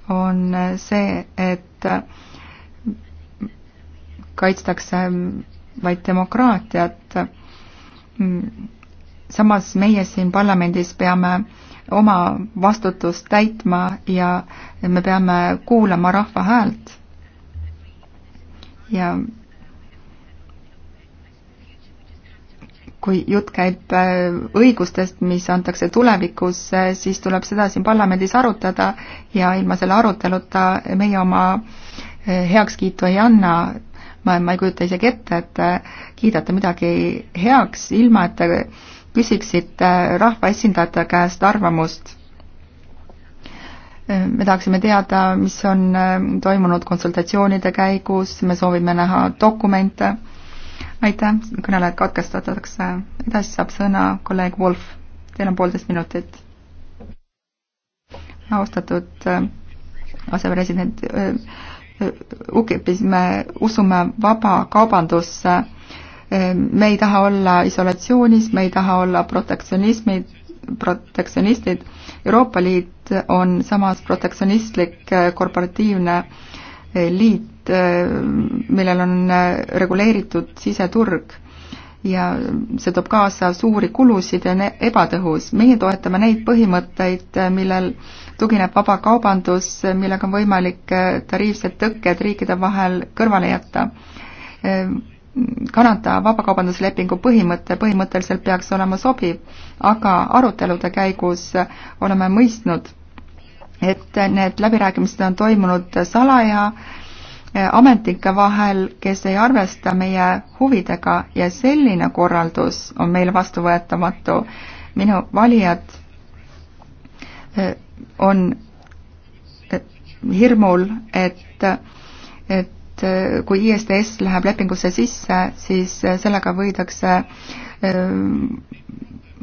on see, et kaitstakse vaid demokraatiat. samas meie siin parlamendis peame oma vastutust täitma ja me peame kuulama rahva häält. ja kui jutt käib äh, õigustest, mis antakse tulevikus, äh, siis tuleb seda siin parlamendis arutada ja ilma selle aruteluta meie oma äh, heakskiitu ei anna. ma, ma ei kujuta isegi ette, et kiidate midagi heaks, ilma et te küsiksite rahvaesindajate käest arvamust. me tahaksime teada, mis on toimunud konsultatsioonide käigus, me soovime näha dokumente aitäh, kõnelejad katkestatakse, edasi saab sõna kolleeg Wolf, teil on poolteist minutit. austatud äh, asepresident, äh, äh, UKIP-is me usume vaba kaubandusse, me ei taha olla isolatsioonis, me ei taha olla protektsionismid, protektsionistid, Euroopa Liit on samas protektsionistlik korporatiivne liit, Äh, millel on äh, reguleeritud siseturg ja see toob kaasa suuri kulusid ja ebatõhus. meie toetame neid põhimõtteid, äh, millel tugineb vaba kaubandus, millega on võimalik tariifsed tõkked riikide vahel kõrvale jätta. Kanada vabakaubanduslepingu põhimõte põhimõtteliselt peaks olema sobiv, aga arutelude käigus oleme mõistnud, et need läbirääkimised on toimunud salaja Eh, ametnike vahel, kes ei arvesta meie huvidega ja selline korraldus on meile vastuvõetamatu. minu valijad eh, on eh, hirmul, et, et kui ISDS läheb lepingusse sisse, siis sellega võidakse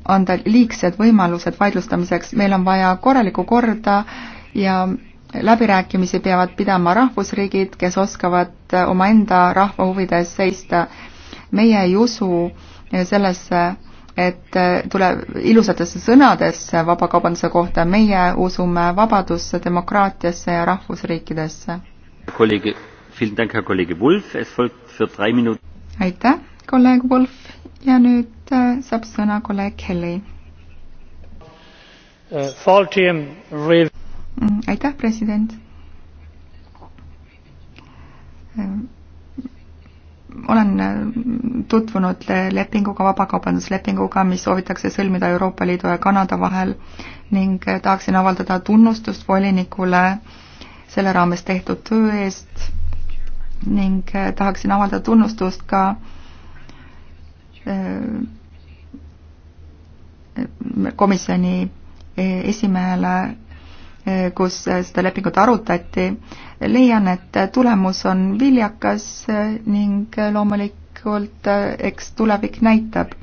anda liigsed võimalused vaidlustamiseks, meil on vaja korralikku korda ja läbirääkimisi peavad pidama rahvusriigid, kes oskavad omaenda rahva huvides seista. meie ei usu sellesse, et tuleb ilusatesse sõnadesse vabakaubanduse kohta, meie usume vabadusse, demokraatiasse ja rahvusriikidesse. aitäh, kolleeg Wolf ja nüüd äh, saab sõna kolleeg Kelly. Äh, Mm, aitäh, president. olen äh, tutvunud lepinguga, vabakaubanduslepinguga, mis soovitakse sõlmida Euroopa Liidu ja Kanada vahel ning äh, tahaksin avaldada tunnustust volinikule selle raames tehtud töö eest ning äh, tahaksin avaldada tunnustust ka komisjoni e-, esimehele kus seda lepingut arutati, leian, et tulemus on viljakas ning loomulikult eks tulevik näitab.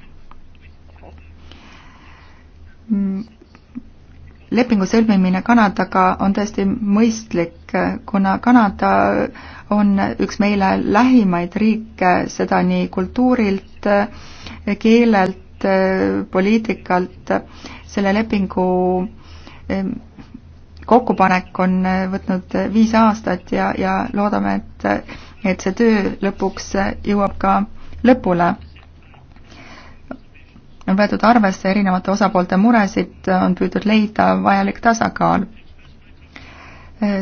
lepingu sõlmimine Kanadaga on tõesti mõistlik, kuna Kanada on üks meile lähimaid riike, seda nii kultuurilt, keelelt, poliitikalt, selle lepingu kokkupanek on äh, võtnud äh, viis aastat ja, ja loodame, et, äh, et see töö lõpuks jõuab ka lõpule. on võetud arvesse erinevate osapoolte muresid, on püüdnud leida vajalik tasakaal.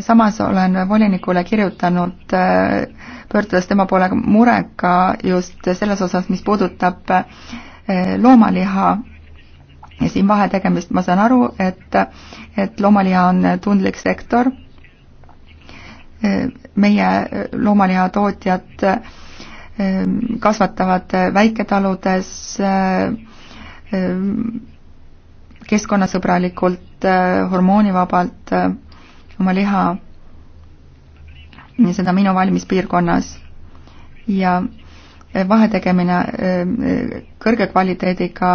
samas olen volinikule kirjutanud, pöördudes tema poole murega just selles osas, mis puudutab loomaliha siin vahetegemist, ma saan aru, et, et loomaliha on tundlik sektor. meie loomalihatootjad ehm, kasvatavad väiketaludes ehm, keskkonnasõbralikult, eh, hormoonivabalt eh, oma liha, seda minu valimispiirkonnas ja vahetegemine kõrge kvaliteediga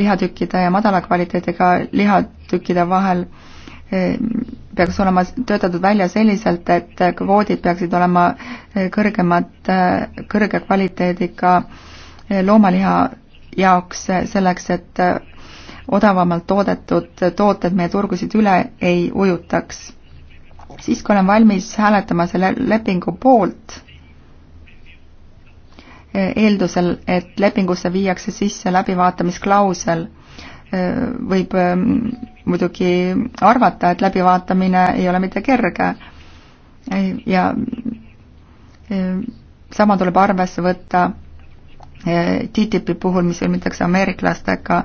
lihatükkide ja madala kvaliteediga lihatükkide vahel eh, peaks olema töötatud välja selliselt, et kvoodid peaksid olema eh, kõrgemad, eh, kõrge kvaliteediga loomaliha jaoks, selleks et odavamalt toodetud tooted meie turgusid üle ei ujutaks. siis, kui olen valmis hääletama selle lepingu poolt eeldusel, et lepingusse viiakse sisse läbivaatamisklausel. Äh, võib ähm, muidugi arvata, et läbivaatamine ei ole mitte kerge ja äh, sama tuleb arvesse võtta äh, TTIP-i puhul, mis sõlmitakse ameeriklastega,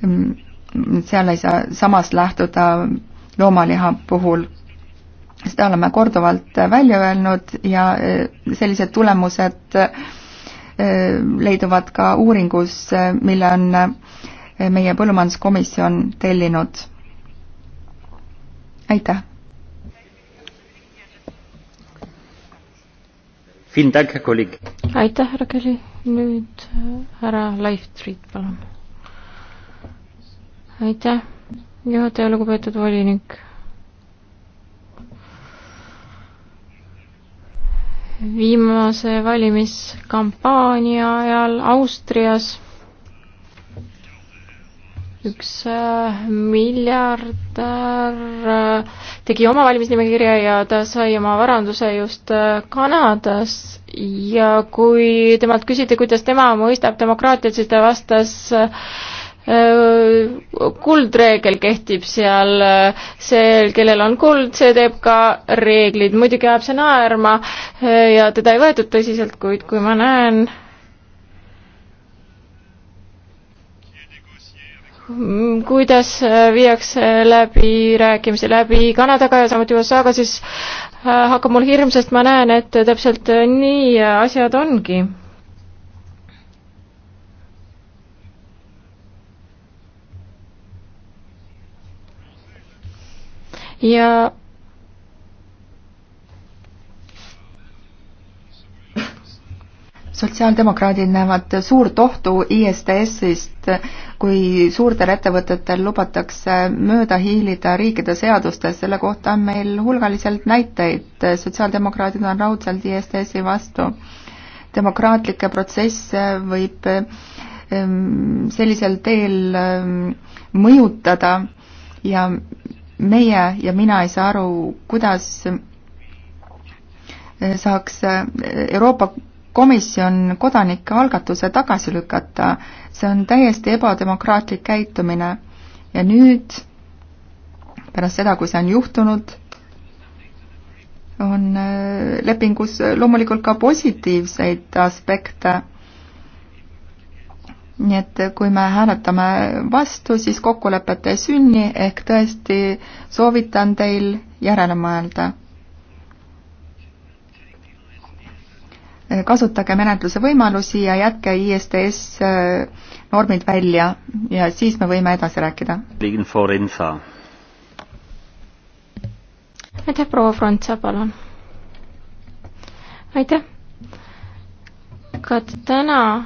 mm, seal ei saa samas lähtuda loomaliha puhul. seda oleme korduvalt välja öelnud ja sellised tulemused äh, Äh, leiduvad ka uuringus, äh, mille on äh, meie põllumajanduskomisjon tellinud. aitäh! aitäh, härra Kelly, nüüd härra Leifstrid, palun. aitäh, juhataja, lugupeetud volinik viimase valimiskampaania ajal Austrias üks äh, miljardär äh, tegi oma valimisnimekirja ja ta sai oma varanduse just äh, Kanadas ja kui temalt küsiti, kuidas tema mõistab demokraatiat, siis ta vastas äh, Äh, kuldreegel kehtib seal, äh, see, kellel on kuld, see teeb ka reeglid, muidugi ajab see naerma äh, ja teda ei võetud tõsiselt, kuid kui ma näen kuidas viiakse läbirääkimisi läbi Kanadaga ja samuti USA-ga, siis hakkab mul hirm, sest ma näen, et täpselt nii asjad ongi ja sotsiaaldemokraadid näevad suurt ohtu ISDS-ist, kui suurtel ettevõtetel lubatakse mööda hiilida riikide seadustes, selle kohta on meil hulgaliselt näiteid, sotsiaaldemokraadid on raudselt ISDS-i vastu. demokraatlikke protsesse võib ehm, sellisel teel ehm, mõjutada ja meie ja mina ei saa aru, kuidas eh, saaks eh, Euroopa Komisjon kodanike algatuse tagasi lükata. see on täiesti ebademokraatlik käitumine. ja nüüd, pärast seda, kui see on juhtunud, on eh, lepingus loomulikult ka positiivseid aspekte nii et kui me hääletame vastu, siis kokkulepet ei sünni, ehk tõesti soovitan teil järele mõelda. kasutage menetluse võimalusi ja jätke ISDS normid välja ja siis me võime edasi rääkida. aitäh, proua Frontsa, palun. aitäh. ka täna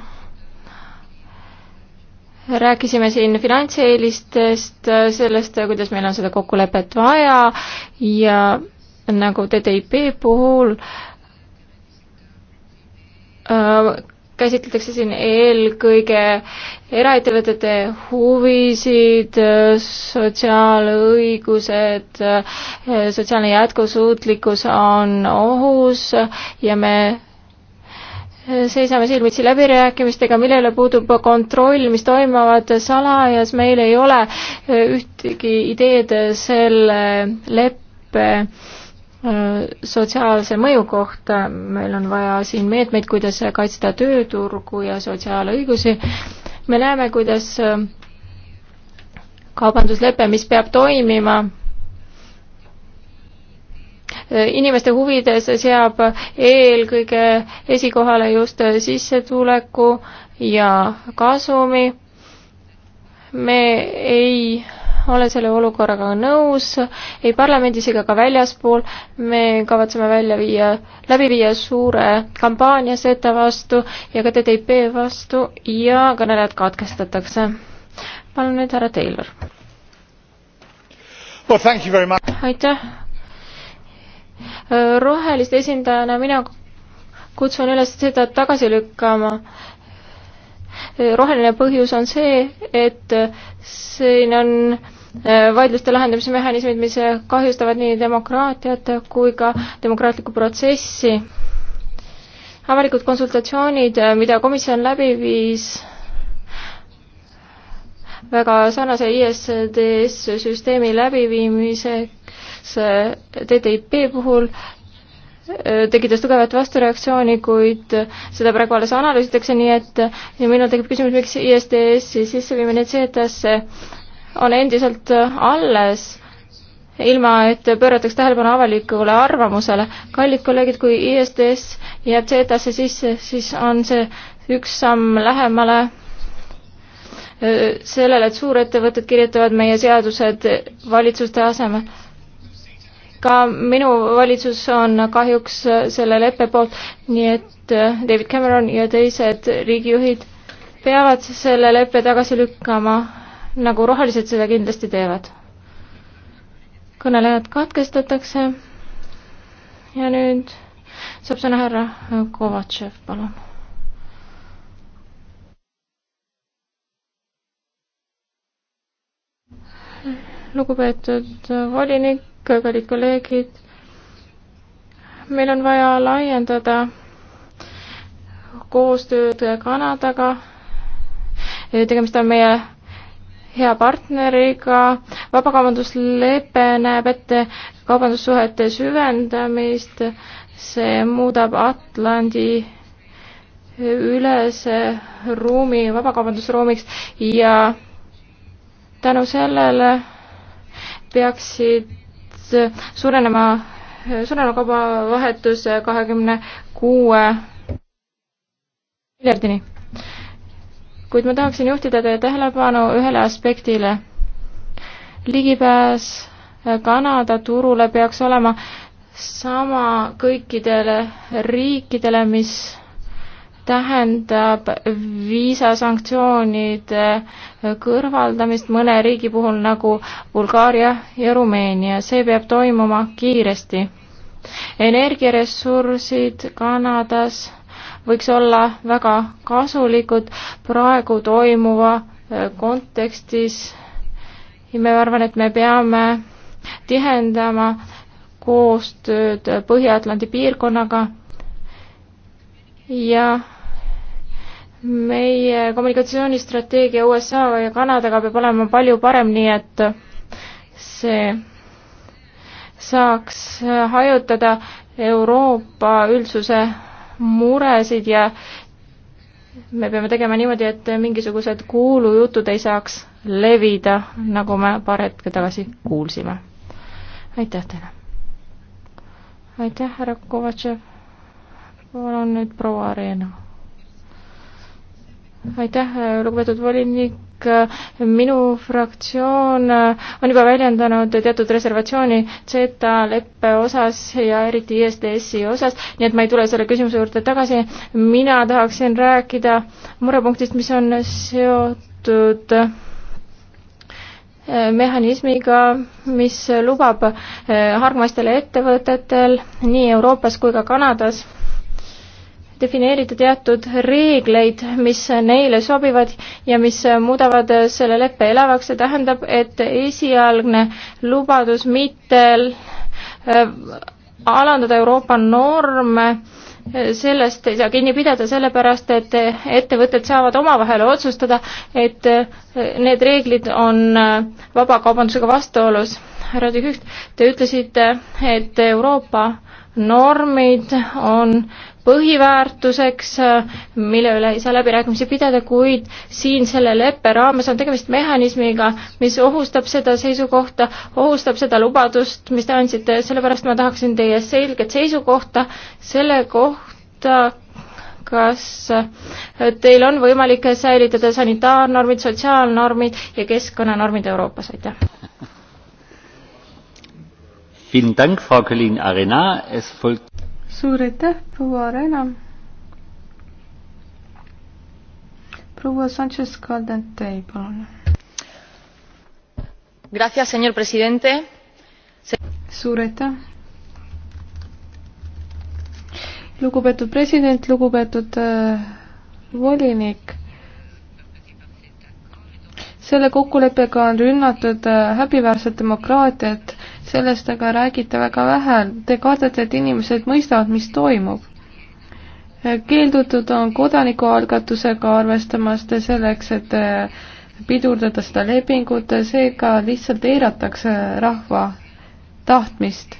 rääkisime siin finantseelistest, äh, sellest, äh, kuidas meil on seda kokkulepet vaja ja nagu TTIP puhul äh, käsitletakse siin eelkõige eraettevõtete huvisid, sotsiaalõigused, sotsiaalne jätkusuutlikkus on ohus ja me seisame silmitsi läbirääkimistega, millele puudub kontroll, mis toimuvad salajas, meil ei ole e, ühtegi ideed selle leppe e, sotsiaalse mõju kohta, meil on vaja siin meetmeid, kuidas kaitsta tööturgu ja sotsiaalõigusi. me näeme, kuidas e, kaubanduslepe, mis peab toimima inimeste huvides seab eelkõige esikohale just sissetuleku ja kasumi. me ei ole selle olukorraga nõus, ei parlamendis ega ka väljaspool. me kavatseme välja viia, läbi viia suure kampaania SETA vastu ja ka TTIP vastu ja kõnelejad katkestatakse. palun nüüd härra Taylor. Well, aitäh, roheliste esindajana mina kutsun üles seda tagasi lükkama. roheline põhjus on see, et siin on äh, vaidluste lahendamise mehhanismid, mis kahjustavad nii demokraatiat kui ka demokraatlikku protsessi. avalikud konsultatsioonid, äh, mida komisjon läbi viis väga sarnase ISDS süsteemi läbiviimiseks äh, TTIP puhul äh, tekitas tugevat vastureaktsiooni, kuid seda praegu alles analüüsitakse, nii et ja minul tekib küsimus, miks ISDS-i sisseviimine CETA-sse on endiselt alles ilma, et pöörataks tähelepanu avalikule arvamusele. kallid kolleegid, kui ISDS jääb CETA-sse sisse, siis on see üks samm lähemale sellele, et suurettevõtted kirjutavad meie seadused valitsuste asemel. ka minu valitsus on kahjuks selle leppe poolt, nii et äh, David Cameron ja teised riigijuhid peavad selle leppe tagasi lükkama, nagu rohelised seda kindlasti teevad. kõnelejad katkestatakse ja nüüd saab sõna härra Kovatšev, palun lugupeetud volinik, kallid kolleegid. meil on vaja laiendada koostööd Kanadaga. tegemist on meie hea partneriga. vabakaubanduslepe näeb ette kaubandussuhete süvendamist. see muudab Atlandi ülese ruumi vabakaubandusruumiks ja tänu sellele peaksid suurenema, suurenema kaubavahetus kahekümne kuue miljardini. kuid ma tahaksin juhtida teie tähelepanu ühele aspektile. ligipääs Kanada turule peaks olema sama kõikidele riikidele, mis tähendab viisasanktsioonide kõrvaldamist mõne riigi puhul nagu Bulgaaria ja Rumeenia. see peab toimuma kiiresti. energiaressursid Kanadas võiks olla väga kasulikud praegu toimuva e, kontekstis ja ma arvan, et me peame tihendama koostööd Põhja-Atlandi piirkonnaga ja meie kommunikatsioonistrateegia USA ja Kanadaga peab olema palju parem, nii et see saaks hajutada Euroopa üldsuse muresid ja me peame tegema niimoodi, et mingisugused kuulujutud ei saaks levida, nagu me paar hetke tagasi kuulsime. aitäh teile! aitäh, härra Kovatšev! palun nüüd proua Areena aitäh, lugupeetud volinik. minu fraktsioon on juba väljendanud teatud reservatsiooni Zeta leppe osas ja eriti ISDS-i osas, nii et ma ei tule selle küsimuse juurde tagasi. mina tahaksin rääkida murepunktist, mis on seotud mehhanismiga, mis lubab hargmaistel ettevõtetel nii Euroopas kui ka Kanadas defineerida teatud reegleid, mis neile sobivad ja mis muudavad selle leppe elavaks, see tähendab, et esialgne lubadus mitte äh, alandada Euroopa norme, äh, sellest ei saa kinni pidada, sellepärast et ettevõtted saavad omavahel otsustada, et äh, need reeglid on vabakaubandusega vastuolus. härra De Hüht, te ütlesite, et Euroopa normid on põhiväärtuseks, mille üle ei saa läbirääkimisi pidada, kuid siin selle leppe raames on tegemist mehhanismiga, mis ohustab seda seisukohta, ohustab seda lubadust, mis te andsite, sellepärast ma tahaksin teie selget seisukohta selle kohta, kas teil on võimalik säilitada sanitaarnormid, sotsiaalnormid ja keskkonnanormid Euroopas, aitäh! Vielen Dank, Frau Colleen Arena. Es folgt suur aitäh, proua Arena. proua Sanchez-Caldente, palun. Gracias, senor presidente. suur aitäh. lugupeetud president, lugupeetud äh, volinik selle kokkuleppega on rünnatud äh, häbiväärset demokraatiat sellest aga räägite väga vähe, te kardate, et inimesed mõistavad, mis toimub. keeldutud on kodanikualgatusega arvestamast selleks, et eh, pidurdada seda lepingut, seega lihtsalt eiratakse rahva tahtmist.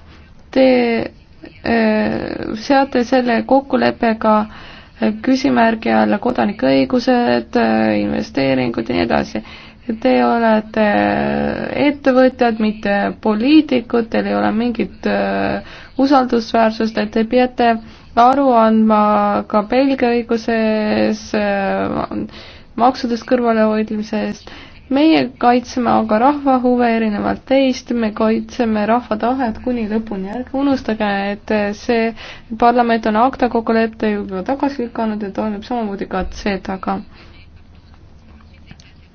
Te eh, seate selle kokkuleppega eh, küsimärgi alla kodanike õigused, investeeringud ja nii edasi Te olete ettevõtjad, mitte poliitikud, teil ei ole mingit äh, usaldusväärsust, et te peate aru andma ka Belgia õiguse ees, äh, maksudest kõrvalehoidmise eest. meie kaitseme aga rahva huve erinevalt teist, me kaitseme rahva tahet kuni lõpuni, ärge unustage, et see parlament on akta kokkuleppe juba tagasi lükanud ja toimib samamoodi ka CETA-ga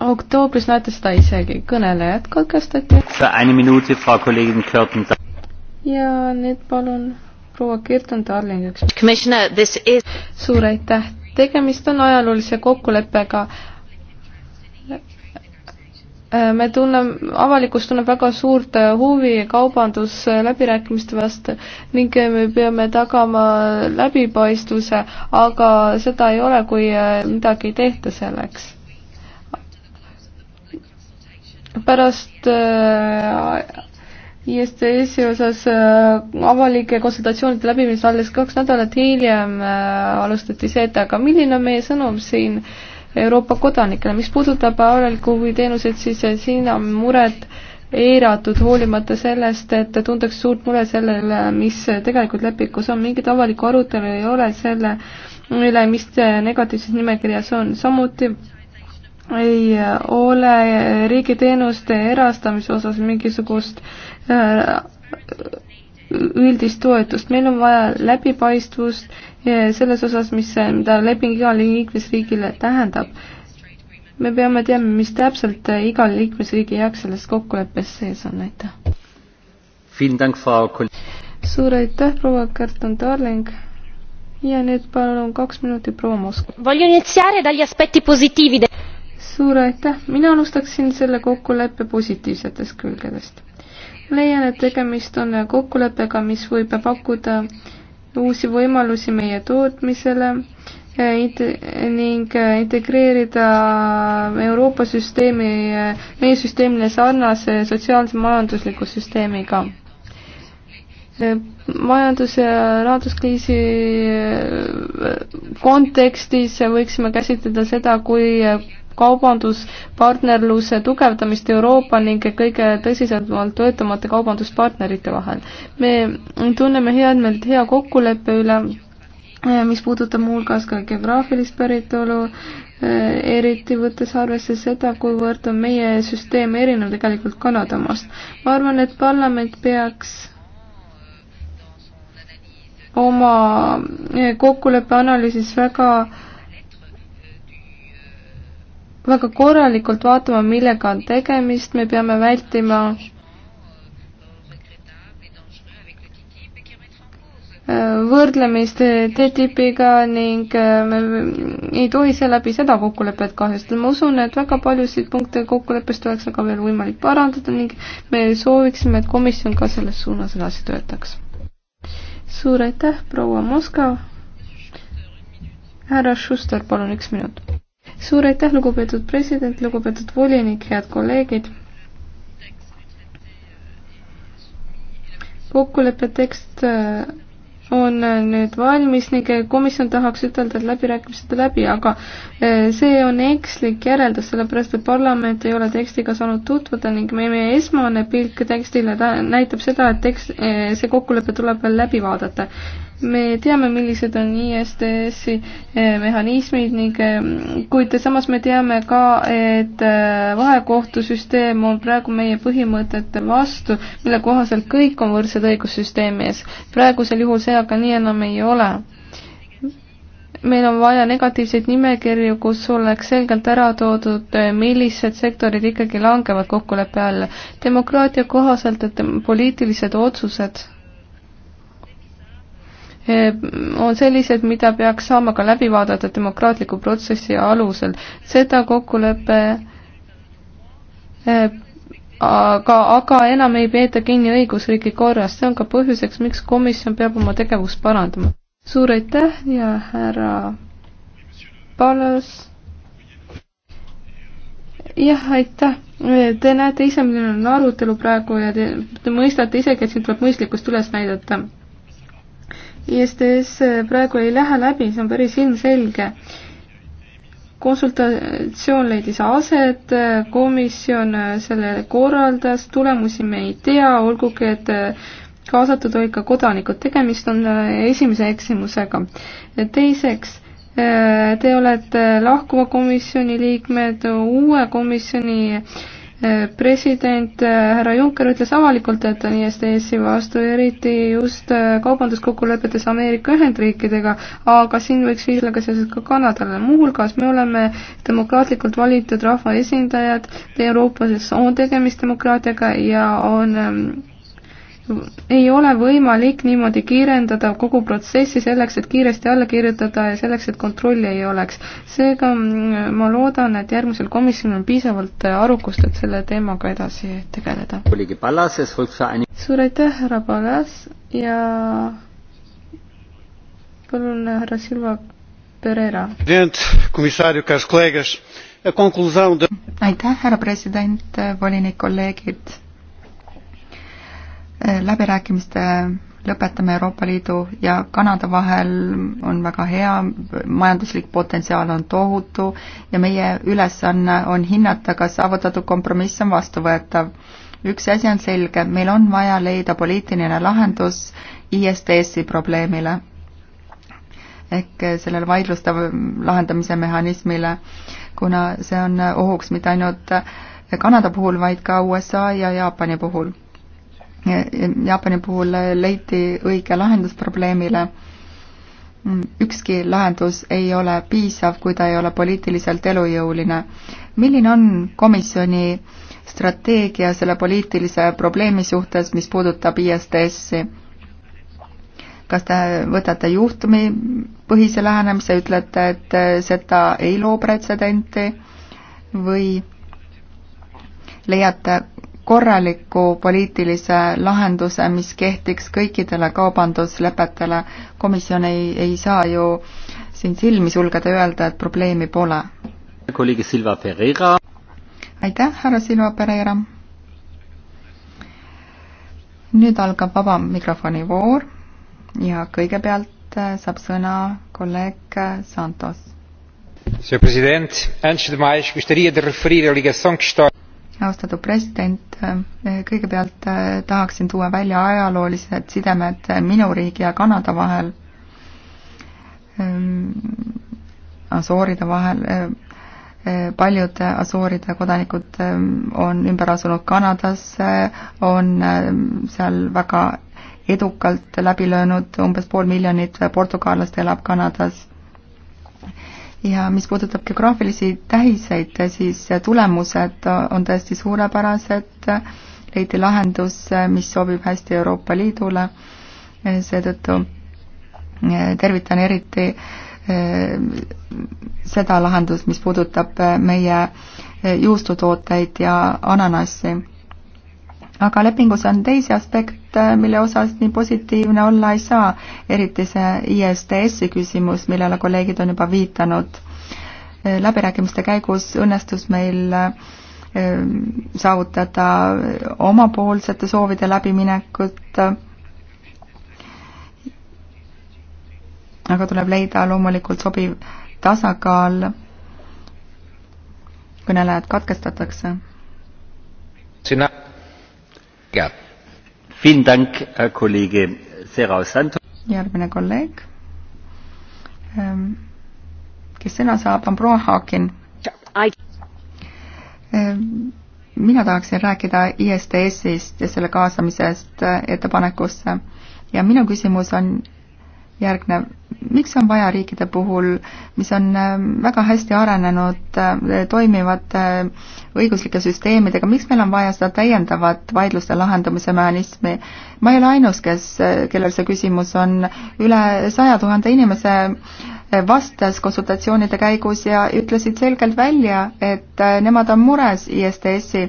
oktoobris näete seda isegi, kõnelejad katkestati. ja nüüd palun proua Kirton Darling üks. Is... suur aitäh, tegemist on ajaloolise kokkuleppega. Äh, me tunneme, avalikkus tunneb väga suurt äh, huvi kaubandusläbirääkimiste vastu ning äh, me peame tagama läbipaistvuse, aga seda ei ole, kui midagi ei tehta selleks pärast äh, ISTS-i osas äh, avalike konsultatsioonide läbimist alles kaks nädalat hiljem äh, alustati see, et aga milline on meie sõnum siin Euroopa kodanikele, mis puudutab avaliku huvi teenuseid, siis siin on mured eiratud hoolimata sellest, et tuntakse suurt mure sellele, mis tegelikult lepikus on, mingit avalikku arutelu ei ole selle üle, mis negatiivses nimekirjas on, samuti ei ole riigi teenuste erastamise osas mingisugust äh, üldist toetust, meil on vaja läbipaistvust selles osas, mis see, mida leping igale liikmesriigile tähendab. me peame teadma, mis täpselt igal liikmesriigi jaoks selles kokkuleppes sees on, aitäh. suur aitäh, proua Kerton Darling ja nüüd palun kaks minutit proua Moskva suur aitäh, mina alustaksin selle kokkuleppe positiivsetest külgedest. leian, et tegemist on kokkuleppega, mis võib pakkuda uusi võimalusi meie tootmisele eh, ning eh, integreerida Euroopa süsteemi, eh, meie süsteemile sarnase sotsiaalse majandusliku süsteemiga. majandus- ja rahanduskriisi kontekstis võiksime käsitleda seda, kui kaubanduspartnerluse tugevdamist Euroopa ning kõige tõsisemalt võetamate kaubanduspartnerite vahel. me tunneme head meelt hea kokkuleppe üle, eh, mis puudutab muuhulgas ka geograafilist päritolu, eh, eriti võttes arvesse seda, kuivõrd on meie süsteem erinev tegelikult Kanada omast. ma arvan, et parlament peaks oma eh, kokkuleppe analüüsis väga äh, väga korralikult vaatama, millega on tegemist, me peame vältima äh, võrdlemist TTIP-iga ning äh, me ei tohi seeläbi seda kokkulepet kahjustada. ma usun, et väga paljusid punkte kokkuleppest oleks aga veel võimalik parandada ning me sooviksime, et komisjon ka selles suunas edasi töötaks. suur aitäh, proua Moskva. härra Schuster, palun üks minut suur aitäh, lugupeetud president, lugupeetud volinik, head kolleegid. kokkuleppe tekst äh, on äh, nüüd valmis ning äh, komisjon tahaks ütelda, et läbirääkimised on läbi, aga see on ekslik järeldus, sellepärast et parlament ei ole tekstiga saanud tutvuda ning meie, meie esmane pilk tekstile näitab seda, et tekst, see kokkulepe tuleb veel läbi vaadata me teame, millised on ISDS-i eh, mehhanismid ning eh, kuid samas me teame ka, et eh, vahekohtusüsteem on praegu meie põhimõtete vastu, mille kohaselt kõik on võrdsed õigussüsteemi ees. praegusel juhul see aga nii enam ei ole. meil on vaja negatiivseid nimekirju, kus oleks selgelt ära toodud, millised sektorid ikkagi langevad kokkuleppe alla. demokraatia kohaselt, et poliitilised otsused Ehm, on sellised, mida peaks saama ka läbi vaadata demokraatliku protsessi alusel. seda kokkulepe ehm, aga, aga enam ei peeta kinni õigusriigi korrast, see on ka põhjuseks, miks komisjon peab oma tegevust parandama. suur aitäh ja härra Palas. jah, aitäh. Te näete ise, milline on arutelu praegu ja te, te mõistate isegi, et siin tuleb mõistlikkust üles näidata ISDS praegu ei lähe läbi, see on päris ilmselge. konsultatsioon leidis aset, komisjon selle korraldas, tulemusi me ei tea, olgugi et kaasatud olid ka kodanikud, tegemist on äh, esimese eksimusega. teiseks, äh, te olete lahkuva komisjoni liikmed, uue komisjoni president äh, härra Juncker ütles avalikult, et on ISDS-i vastu, eriti just äh, kaubanduskokkulepetes Ameerika Ühendriikidega, aga siin võiks viia ka seoses ka Kanadale. muuhulgas me oleme demokraatlikult valitud rahvaesindajad, Euroopas on tegemist demokraatiaga ja on ähm, ei ole võimalik niimoodi kiirendada kogu protsessi selleks, et kiiresti alla kirjutada ja selleks, et kontrolli ei oleks. seega mm, ma loodan, et järgmisel komisjonil on piisavalt äh, arukust, et selle teemaga edasi tegeleda. suur aitäh, härra Palas ja palun, härra Silva Pereira. aitäh, härra president, volinik, kolleegid Eh, läbirääkimiste lõpetame Euroopa Liidu ja Kanada vahel on väga hea, majanduslik potentsiaal on tohutu ja meie ülesanne on, on hinnata, kas saavutatud kompromiss on vastuvõetav. üks asi on selge, meil on vaja leida poliitiline lahendus ISDS-i probleemile ehk sellele vaidluste lahendamise mehhanismile, kuna see on ohuks mitte ainult Kanada puhul, vaid ka USA ja Jaapani puhul Jaapani puhul leiti õige lahendus probleemile. ükski lahendus ei ole piisav, kui ta ei ole poliitiliselt elujõuline. milline on komisjoni strateegia selle poliitilise probleemi suhtes, mis puudutab ISDS-i? kas te võtate juhtumipõhise lähenemise, ütlete, et seda ei loo pretsedenti või leiate korraliku poliitilise lahenduse, mis kehtiks kõikidele kaubanduslepetele. komisjon ei, ei saa ju siin silmi sulgeda ja öelda, et probleemi pole. kolleeg Silva Pereira. aitäh, härra Silva Pereira. nüüd algab vaba mikrofoni voor ja kõigepealt äh, saab sõna kolleeg äh, Santos. Senhor Presidente, antes de mais gostaria de referir a ligação que está austatud president, eh, kõigepealt eh, tahaksin tuua välja ajaloolised sidemed eh, minu riigi ja Kanada vahel, ehm, Asooride vahel, paljud Asooride kodanikud on ümber asunud Kanadasse, on seal väga edukalt läbi löönud, umbes pool miljonit portugallast elab Kanadas ja mis puudutab geograafilisi tähiseid, siis tulemused on tõesti suurepärased, leiti lahendus, mis sobib hästi Euroopa Liidule, seetõttu eh, tervitan eriti eh, seda lahendust, mis puudutab eh, meie juustutooteid ja ananassi. aga lepingus on teisi aspekte, raport, äh, mille osas nii positiivne olla ei saa, eriti see ISDS-i küsimus, millele kolleegid on juba viitanud. Äh, läbirääkimiste käigus õnnestus meil äh, saavutada omapoolsete soovide läbiminekut, aga tuleb leida loomulikult sobiv tasakaal, kõnelejad katkestatakse. sinna, jah järgmine kolleeg, ähm, kes sõna saab, on proua Haakin. Ähm, mina tahaksin rääkida ISDS-ist ja selle kaasamisest äh, ettepanekusse ja minu küsimus on järgnev miks on vaja riikide puhul, mis on äh, väga hästi arenenud, äh, toimivate äh, õiguslike süsteemidega, miks meil on vaja seda täiendavat vaidluste lahendamise mehhanismi? ma ei ole ainus, kes, kellel see küsimus on, üle saja tuhande inimese vastas konsultatsioonide käigus ja ütlesid selgelt välja, et nemad on mures ISTS-i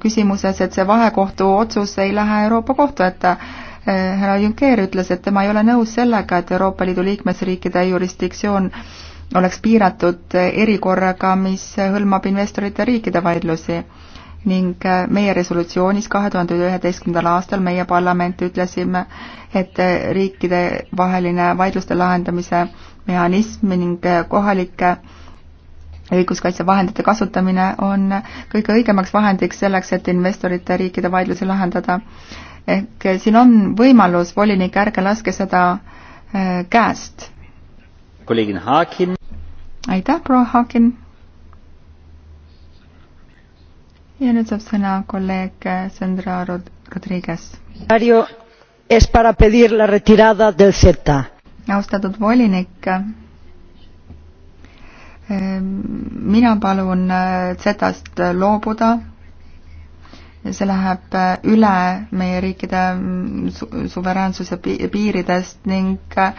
küsimuses, et see vahekohtu otsus ei lähe Euroopa Kohtu ette härra Juncker ütles, et tema ei ole nõus sellega, et Euroopa Liidu liikmesriikide jurisdiktsioon oleks piiratud erikorraga, mis hõlmab investorite riikide vaidlusi. ning äh, meie resolutsioonis kahe tuhande üheteistkümnendal aastal meie parlament ütlesime, et riikidevaheline vaidluste lahendamise mehhanism ning äh, kohalike õiguskaitsevahendite kasutamine on kõige õigemaks vahendiks selleks, et investorite riikide vaidlusi lahendada ehk eh, siin on võimalus, volinik, ärge laske seda eh, käest. aitäh, proua Haakin. ja nüüd saab sõna kolleeg eh, Sandra Rod-, Rodriguez. austatud volinik, mina palun Z-st loobuda see läheb äh, üle meie riikide mm, suveräänsuse piiridest ning äh,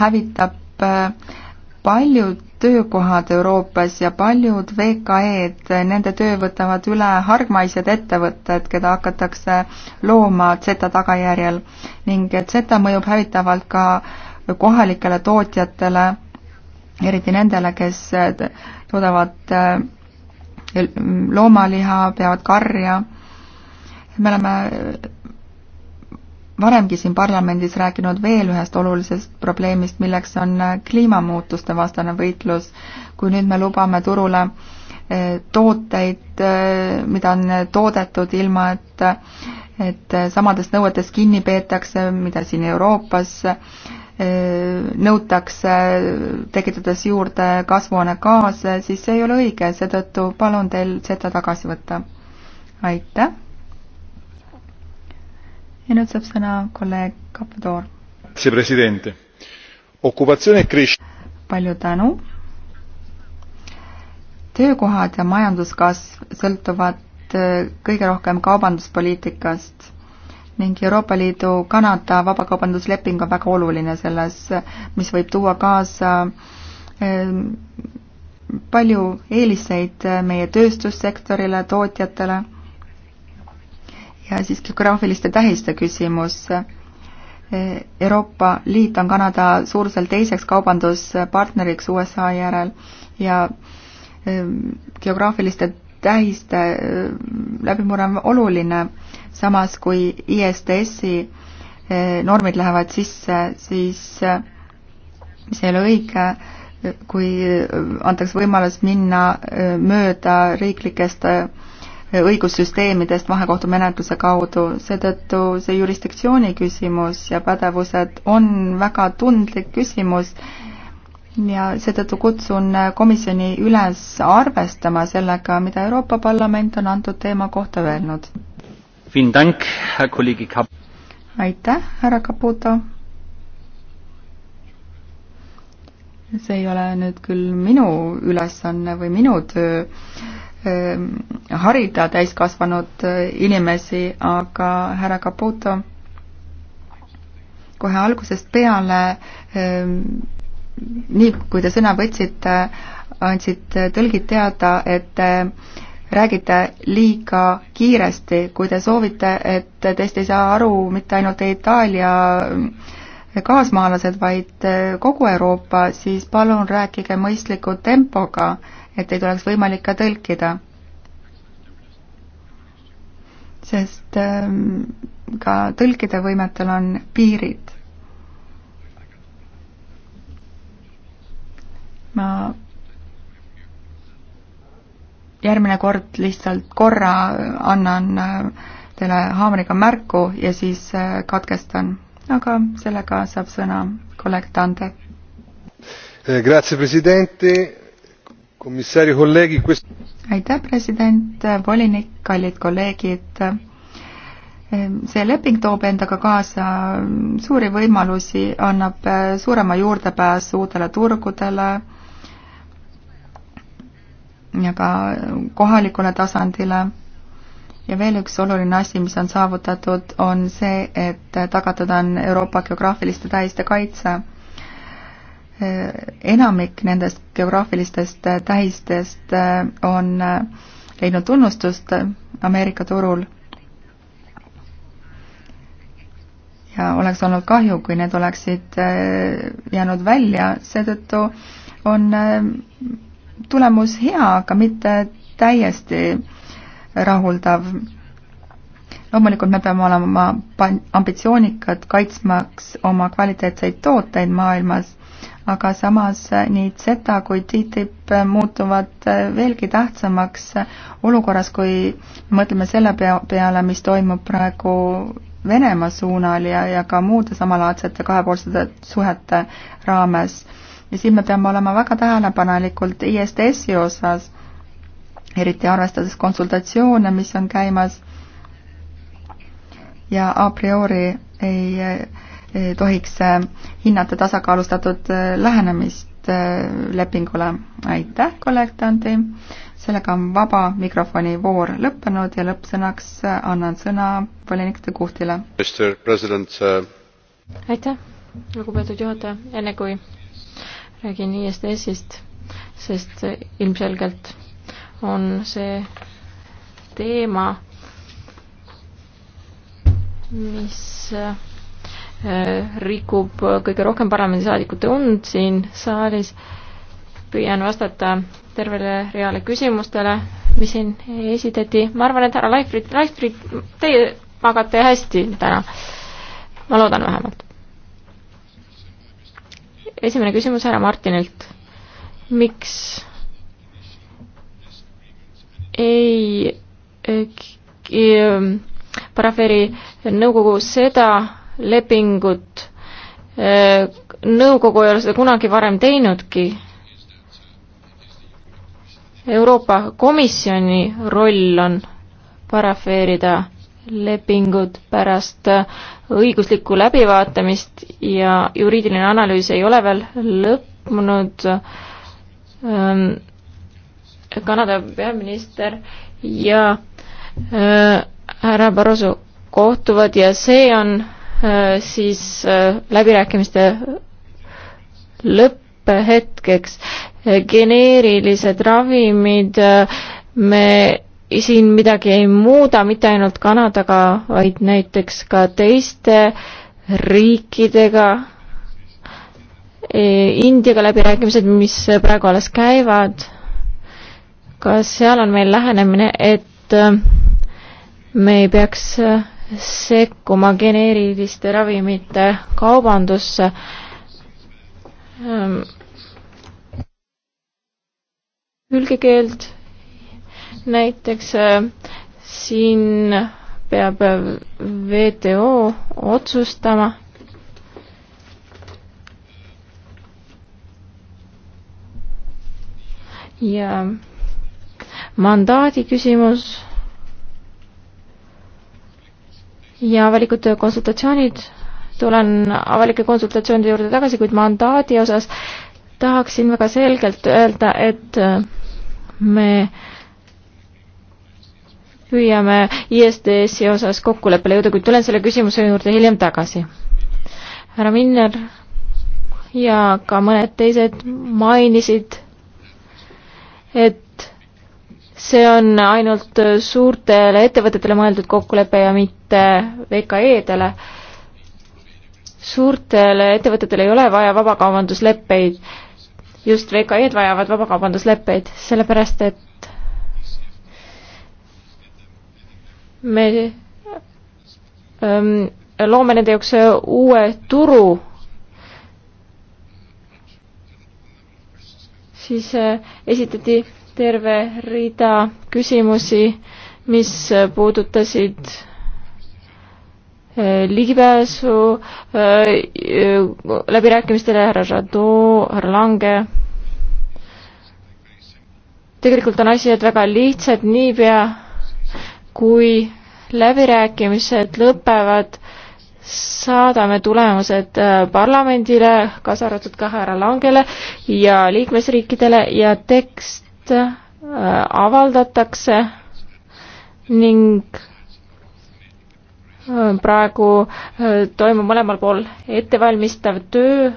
hävitab äh, paljud töökohad Euroopas ja paljud VKE-d, nende töö võtavad üle hargmaised ettevõtted, keda hakatakse looma Zeta tagajärjel ning Zeta mõjub hävitavalt ka kohalikele tootjatele, eriti nendele, kes toodavad loomaliha, peavad karja me oleme varemgi siin parlamendis rääkinud veel ühest olulisest probleemist, milleks on kliimamuutuste vastane võitlus. kui nüüd me lubame turule e, tooteid, e, mida on toodetud ilma, et et samadest nõuetest kinni peetakse, mida siin Euroopas e, nõutakse, tekitades juurde kasvuhoonegaase, siis see ei ole õige, seetõttu palun teil seda tagasi võtta. aitäh! ja nüüd saab sõna kolleeg Kapodoor. E palju tänu. töökohad ja majanduskasv sõltuvad eh, kõige rohkem kaubanduspoliitikast ning Euroopa Liidu Kanada vabakaubandusleping on väga oluline selles, mis võib tuua kaasa eh, palju eeliseid eh, meie tööstussektorile, tootjatele siiski graafiliste tähiste küsimus. Euroopa Liit on Kanada suuruselt teiseks kaubanduspartneriks USA järel ja ehm, geograafiliste tähiste ehm, läbimurre on oluline, samas kui ISDS-i ehm, normid lähevad sisse, siis mis ei ole õige, kui antakse võimalus minna mööda riiklikest õigussüsteemidest vahekohtumenetluse kaudu, seetõttu see jurisdiktsiooni küsimus ja pädevused on väga tundlik küsimus ja seetõttu kutsun komisjoni üles arvestama sellega, mida Euroopa Parlament on antud teema kohta öelnud. aitäh, härra Caputo. see ei ole nüüd küll minu ülesanne või minu töö Ähm, harida täiskasvanud äh, inimesi, aga härra Caputo kohe algusest peale, ähm, nii kui te sõna võtsite, andsid tõlgid teada, et räägite liiga kiiresti, kui te soovite, et teist ei saa aru mitte ainult Itaalia ähm, kaasmaalased, vaid äh, kogu Euroopa, siis palun rääkige mõistliku tempoga et teid oleks võimalik ka tõlkida. sest ähm, ka tõlkide võimetel on piirid. ma järgmine kord lihtsalt korra annan äh, teile haamriga märku ja siis äh, katkestan. aga sellega saab sõna kolleeg Tande. Eh, grazie Presidente aitäh, president, volinik, kallid kolleegid. Ehm, see leping toob endaga kaasa mm, suuri võimalusi, annab äh, suurema juurdepääsu uutele turgudele ja ka kohalikule tasandile ja veel üks oluline asi, mis on saavutatud, on see, et tagatud on Euroopa geograafiliste tähiste kaitse enamik nendest geograafilistest tähistest äh, on äh, leidnud tunnustust Ameerika turul. ja oleks olnud kahju, kui need oleksid äh, jäänud välja, seetõttu on tulemus hea, aga mitte täiesti rahuldav. loomulikult me peame olema ambitsioonikad, kaitsmaks oma kvaliteetseid tooteid maailmas aga samas nii Zeta kui TTIP muutuvad äh, veelgi tähtsamaks äh, olukorras, kui mõtleme selle pea, peale, mis toimub praegu Venemaa suunal ja, ja ka muude samalaadsete kahepoolsete suhete raames. ja siin me peame olema väga tähelepanelikult ISDS-i osas, eriti arvestades konsultatsioone, mis on käimas ja a priori ei tohiks äh, hinnata tasakaalustatud äh, lähenemist äh, lepingule. aitäh, kolleeg Tanti. sellega on vaba mikrofoni voor lõppenud ja lõppsõnaks annan sõna volinik de Guhtile. aitäh, lugupeetud juhataja, enne kui räägin ISDS-ist, sest ilmselgelt on see teema, mis Äh, rikub kõige rohkem parlamendisaadikute und siin saalis. püüan vastata tervele reale küsimustele, mis siin esitati. ma arvan, et härra Leifrit, Leifrit, teie magate hästi täna. ma loodan vähemalt. esimene küsimus härra Martinilt. miks ei eh, eh, parafeeri nõukogu seda lepingut. Äh, nõukogu ei ole seda kunagi varem teinudki. Euroopa Komisjoni roll on parafeerida lepingud pärast õiguslikku läbivaatamist ja juriidiline analüüs ei ole veel lõppunud. Ähm, Kanada peaminister ja äh, härra Barroso kohtuvad ja see on Äh, siis äh, läbirääkimiste lõpphetkeks. Äh, geneerilised ravimid, me siin midagi ei muuda, mitte ainult Kanadaga, vaid näiteks ka teiste riikidega. Indiaga läbirääkimised, mis praegu alles käivad, kas seal on meil lähenemine, et me ei peaks sekkuma geneeriliste ravimite kaubandusse. hülgekeeld ähm, näiteks äh, siin peab äh, WTO otsustama. ja mandaadi küsimus ja avalikud konsultatsioonid, tulen avalike konsultatsioonide juurde tagasi, kuid mandaadi osas tahaksin väga selgelt öelda, et me püüame ISDS-i osas kokkuleppele jõuda, kuid tulen selle küsimuse juurde hiljem tagasi. härra Minner ja ka mõned teised mainisid, et see on ainult suurtele ettevõtetele mõeldud kokkulepe ja mitte VKE-dele. suurtele ettevõtetele ei ole vaja vabakaubandusleppeid, just VKE-d vajavad vabakaubandusleppeid, sellepärast et me öö, ähm, loome nende jaoks uue turu siis äh, esitati terve rida küsimusi, mis puudutasid eh, ligipääsu eh, läbirääkimistele härra Jadot, härra Lange. tegelikult on asjad väga lihtsad, niipea kui läbirääkimised lõpevad, saadame tulemused eh, parlamendile, kaasa arvatud ka härra Langele ja liikmesriikidele ja tekst Äh, avaldatakse ning äh, praegu äh, toimub mõlemal pool ettevalmistav töö.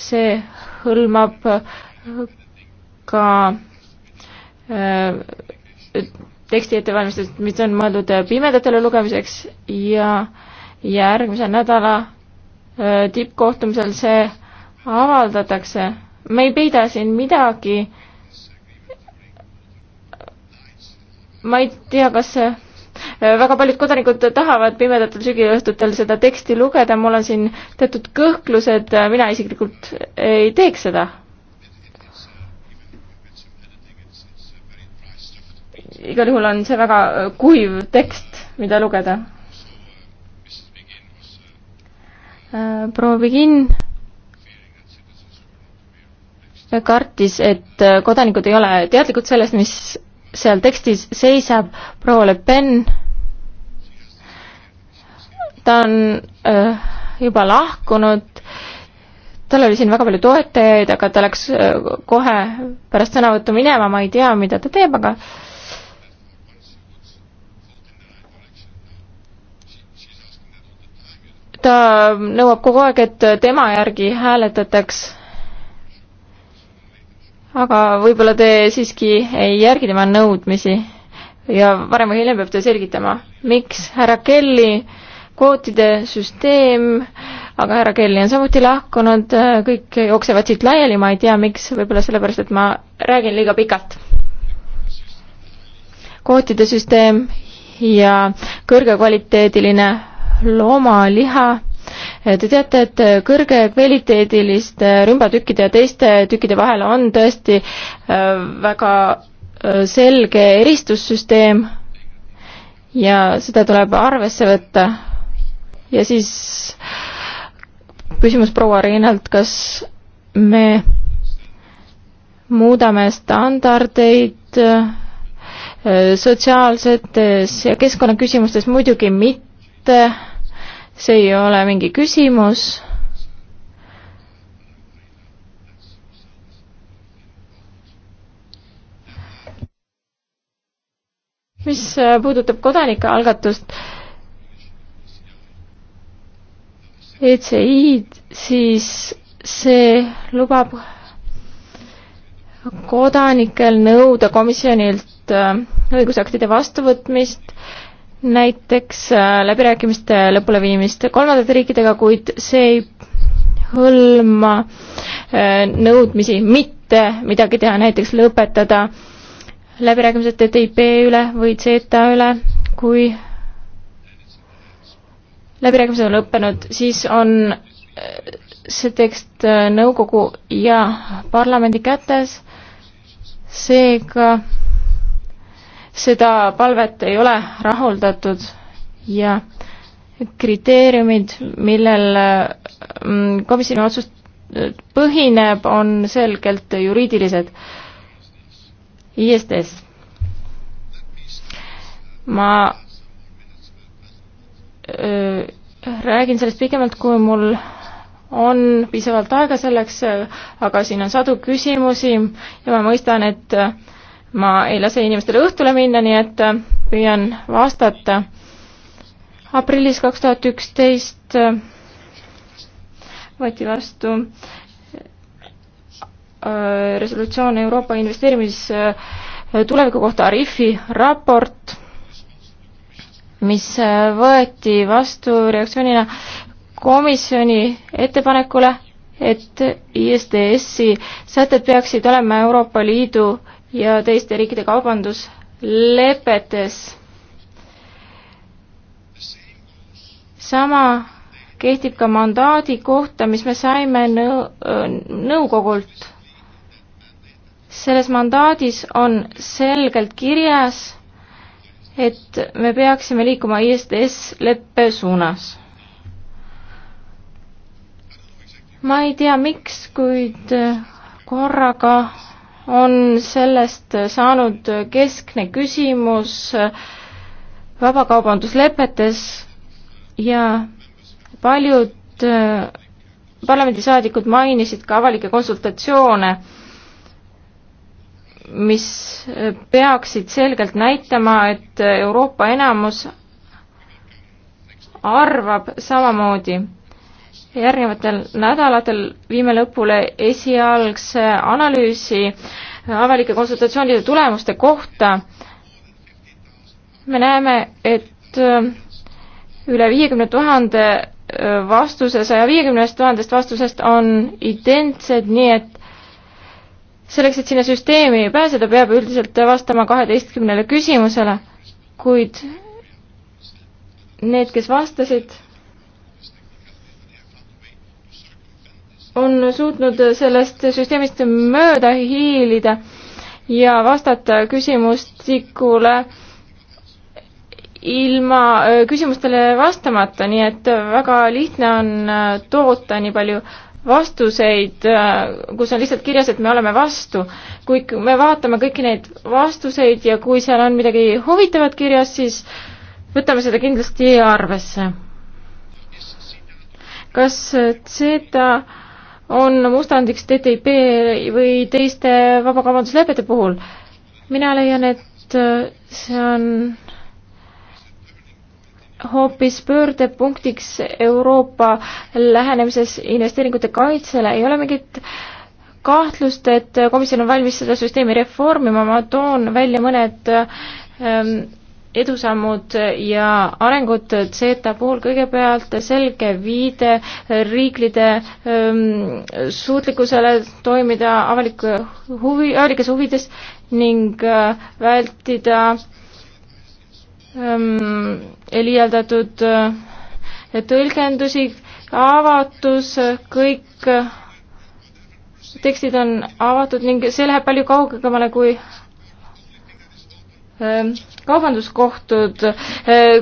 see hõlmab ka teksti ettevalmistust, mis on mõeldud pimedatele lugemiseks ja järgmise nädala tippkohtumisel see avaldatakse me ei peida siin midagi. ma ei tea, kas äh, väga paljud kodanikud tahavad pimedatel sügiõhtutel seda teksti lugeda, mul on siin teatud kõhklused, mina isiklikult ei teeks seda. igal juhul on see väga kuiv tekst, mida lugeda. Äh, proua Begin kartis, et äh, kodanikud ei ole teadlikud sellest, mis seal tekstis seisab, proua Le Pen, ta on öö, äh, juba lahkunud, tal oli siin väga palju toetajaid, aga ta läks öö, äh, kohe pärast sõnavõttu minema, ma ei tea, mida ta teeb, aga ta nõuab kogu aeg, et tema järgi hääletataks aga võib-olla te siiski ei järgi tema nõudmisi ja varem või hiljem peab ta selgitama, miks härra Kelly kvootide süsteem, aga härra Kelly on samuti lahkunud, kõik jooksevad siit laiali, ma ei tea, miks, võib-olla sellepärast, et ma räägin liiga pikalt. kvootide süsteem ja kõrgekvaliteediline loomaliha Te teate, et kõrgekvaliteediliste rümbatükkide ja teiste tükkide vahel on tõesti äh, väga äh, selge eristussüsteem ja seda tuleb arvesse võtta. ja siis küsimus proua Riinalt, kas me muudame standardeid äh, sotsiaalsetes ja keskkonnaküsimustes muidugi mitte see ei ole mingi küsimus. mis äh, puudutab kodanikealgatust, ECI-d, siis see lubab kodanikel nõuda komisjonilt äh, õigusaktide vastuvõtmist näiteks äh, läbirääkimiste lõpuleviimist kolmandate riikidega, kuid see ei hõlma äh, nõudmisi mitte midagi teha, näiteks lõpetada läbirääkimised TTIP üle või CETA üle, kui läbirääkimised on lõppenud, siis on äh, see tekst nõukogu ja parlamendi kätes, seega seda palvet ei ole rahuldatud ja kriteeriumid, millel mm, komisjoni otsus põhineb, on selgelt juriidilised. ISDS. ma öö, räägin sellest pikemalt, kui mul on piisavalt aega selleks, aga siin on sadu küsimusi ja ma mõistan, et öö, ma ei lase inimestele õhtule minna, nii et äh, püüan vastata. aprillis kaks tuhat üksteist äh, võeti vastu äh, resolutsioon Euroopa investeerimistuleviku kohta Arifi raport, mis võeti vastu reaktsioonina komisjoni ettepanekule, et ISDS-i sätted peaksid olema Euroopa Liidu ja teiste riikide kaubanduslepetes. sama kehtib ka mandaadi kohta, mis me saime nõu-, nõukogult. selles mandaadis on selgelt kirjas, et me peaksime liikuma ISDS leppe suunas. ma ei tea, miks, kuid korraga on sellest saanud keskne küsimus vabakaubanduslepetes ja paljud äh, parlamendisaadikud mainisid ka avalikke konsultatsioone, mis peaksid selgelt näitama, et Euroopa enamus arvab samamoodi järgnevatel nädalatel viime lõpule esialgse analüüsi avalike konsultatsioonide tulemuste kohta. me näeme, et äh, üle viiekümne tuhande äh, vastuse, saja viiekümnest tuhandest vastusest on identsed, nii et selleks, et sinna süsteemi pääseda, peab üldiselt vastama kaheteistkümnele küsimusele, kuid need, kes vastasid, on suutnud sellest süsteemist mööda hiilida ja vastata küsimustikule ilma küsimustele vastamata, nii et väga lihtne on äh, toota nii palju vastuseid, äh, kus on lihtsalt kirjas, et me oleme vastu. kui me vaatame kõiki neid vastuseid ja kui seal on midagi huvitavat kirjas, siis võtame seda kindlasti arvesse. kas Zeta on mustandiks TTIP või teiste vabakaubanduslepete puhul. mina leian, et äh, see on hoopis pöördepunktiks Euroopa lähenemises investeeringute kaitsele, ei ole mingit kahtlust, et komisjon on valmis seda süsteemi reformima, ma toon välja mõned ähm, edusammud ja arengud CETA puhul kõigepealt selge viide riiklide ähm, suutlikkusele toimida avalik huvi, avalikes huvides ning äh, vältida ähm, liialdatud äh, tõlgendusi, avatus, kõik äh, tekstid on avatud ning see läheb palju kaugemale kui ähm, kaubanduskohtud,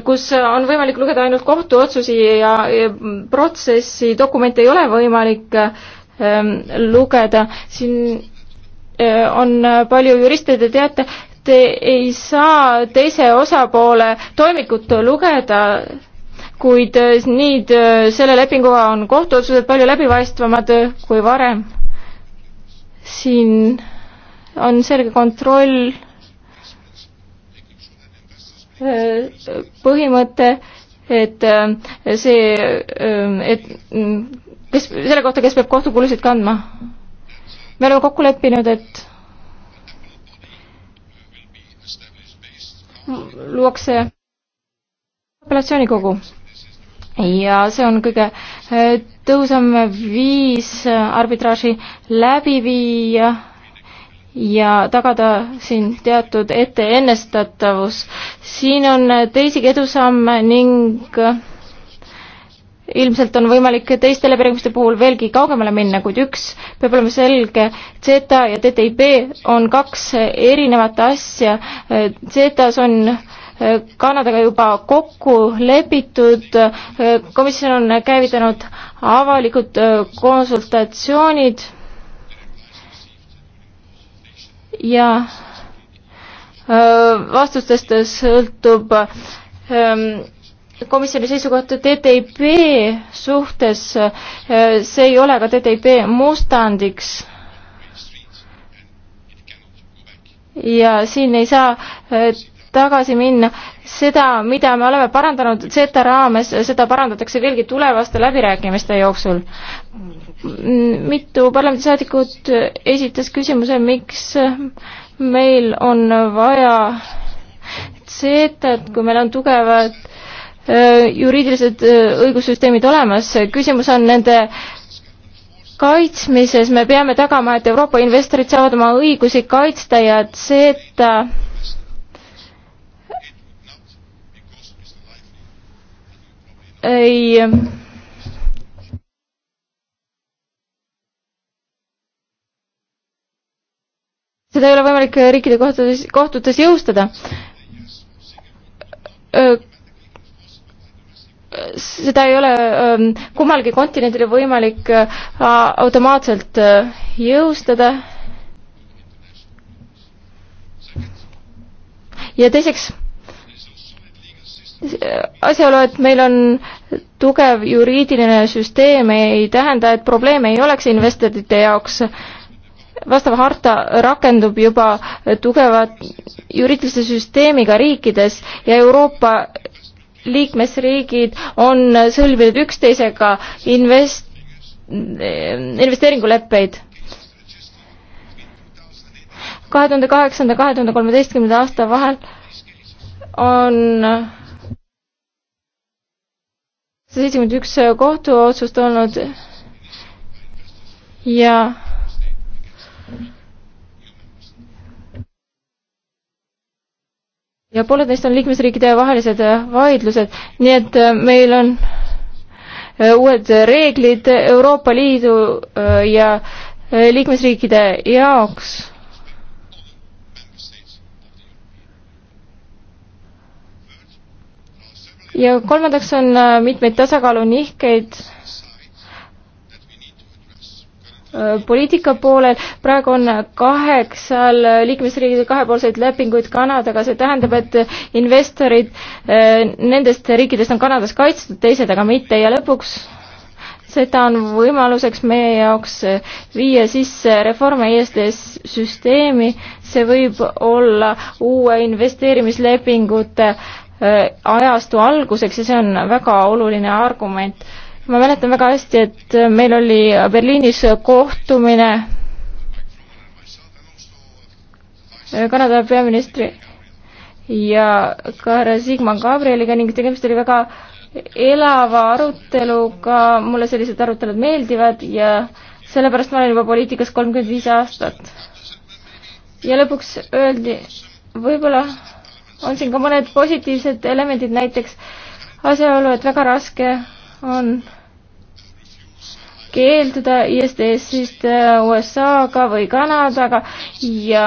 kus on võimalik lugeda ainult kohtuotsusi ja, ja protsessi dokumente ei ole võimalik ähm, lugeda, siin äh, on palju juriste, te teate, te ei saa teise osapoole toimikut lugeda, kuid äh, nii äh, selle lepinguga on kohtuotsused palju läbipaistvamad kui varem. siin on selge kontroll põhimõte, et äh, see, ähm, et mm, kes, selle kohta, kes peab kohtukulusid kandma. me oleme kokku leppinud, et luuakse apellatsioonikogu ja see on kõige äh, tõhusam viis arbitraaži läbi viia ja tagada siin teatud etteennestatavus. siin on teisigi edusamme ning ilmselt on võimalik teiste läbirääkimiste puhul veelgi kaugemale minna, kuid üks peab olema selge, Zeta ja TTIP on kaks erinevat asja, Zetas on Kanadaga juba kokku lepitud, komisjon on käivitanud avalikud konsultatsioonid ja vastustest sõltub komisjoni seisukoht TTIP suhtes, see ei ole ka TTIP mustandiks ja siin ei saa tagasi minna seda, mida me oleme parandanud CETA raames, seda parandatakse veelgi tulevaste läbirääkimiste jooksul. mitu parlamendisaadikut esitas küsimuse, miks meil on vaja CETA-t, kui meil on tugevad äh, juriidilised äh, õigussüsteemid olemas, küsimus on nende kaitsmises, me peame tagama, et Euroopa investorid saavad oma õigusi kaitsta ja CETA ei seda ei ole võimalik eh, riikide kohtades, kohtutes jõustada. seda ei ole kummalgi kontinendil võimalik eh, automaatselt eh, jõustada. ja teiseks asjaolu, et meil on tugev juriidiline süsteem, ei tähenda, et probleeme ei oleks investorite jaoks. vastav harta rakendub juba tugeva juriidilise süsteemiga riikides ja Euroopa liikmesriigid on sõlminud üksteisega invest-, investeeringuleppeid kahe tuhande kaheksanda, kahe tuhande kolmeteistkümnenda aasta vahel on seitsekümmend üks kohtuotsust olnud ja ja pooled neist on liikmesriikide vahelised vaidlused, nii et äh, meil on äh, uued reeglid Euroopa Liidu äh, ja liikmesriikide jaoks ja kolmandaks on äh, mitmeid tasakaalunihkeid äh, poliitika poolel, praegu on kaheksal liikmesriigil kahepoolseid lepinguid Kanadaga, see tähendab, et investorid äh, nendest riikidest on Kanadas kaitstud, teised aga mitte ja lõpuks seda on võimaluseks meie jaoks viia sisse reforme ESDS süsteemi, see võib olla uue investeerimislepingute äh, Äh, ajastu alguseks ja see on väga oluline argument. ma mäletan väga hästi, et äh, meil oli Berliinis kohtumine äh, Kanada peaministri ja ka Sigmar Gabrieliga ning tegemist oli väga elava aruteluga, mulle sellised arutelud meeldivad ja sellepärast ma olen juba poliitikas kolmkümmend viis aastat. ja lõpuks öeldi, võib-olla on siin ka mõned positiivsed elemendid, näiteks asjaolu, et väga raske on keelduda ISDS-ist äh, USA-ga või Kanadaga ja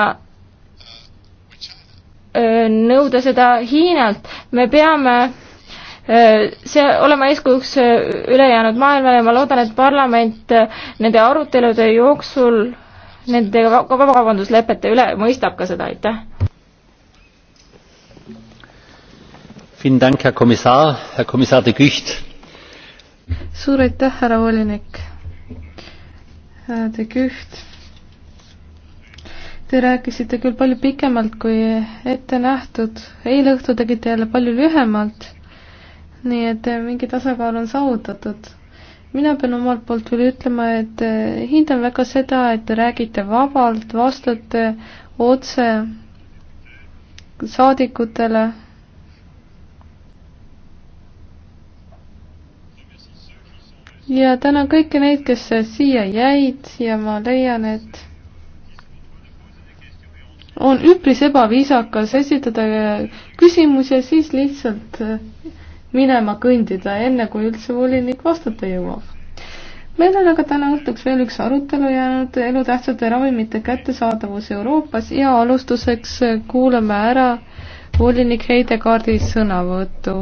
äh, nõuda seda Hiinalt. me peame äh, see olema eeskujuks ülejäänud maailmale ja ma loodan, et parlament nende arutelude jooksul nende vabakaubanduslepete üle mõistab ka seda, aitäh. Dank, herr kommissar herr kommissar de gucht suur aitäh härra volinik de gucht te rääkisite küll palju pikemalt kui ette nähtud eile õhtul tegite jälle palju lühemalt nii et mingi tasakaal on saavutatud mina pean omalt poolt veel ütlema et hindan väga seda et te räägite vabalt vastate otse saadikutele ja tänan kõiki neid, kes siia jäid ja ma leian, et on üpris ebaviisakas esitada küsimusi ja siis lihtsalt minema kõndida, enne kui üldse volinik vastata jõuab. meil on aga täna õhtuks veel üks arutelu jäänud elutähtsate ravimite kättesaadavus Euroopas ja alustuseks kuulame ära volinik Heidekaardi sõnavõtu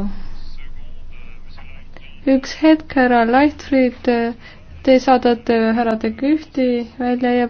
üks hetk, härra Leichtfried, te saadate härra De Kühti välja ja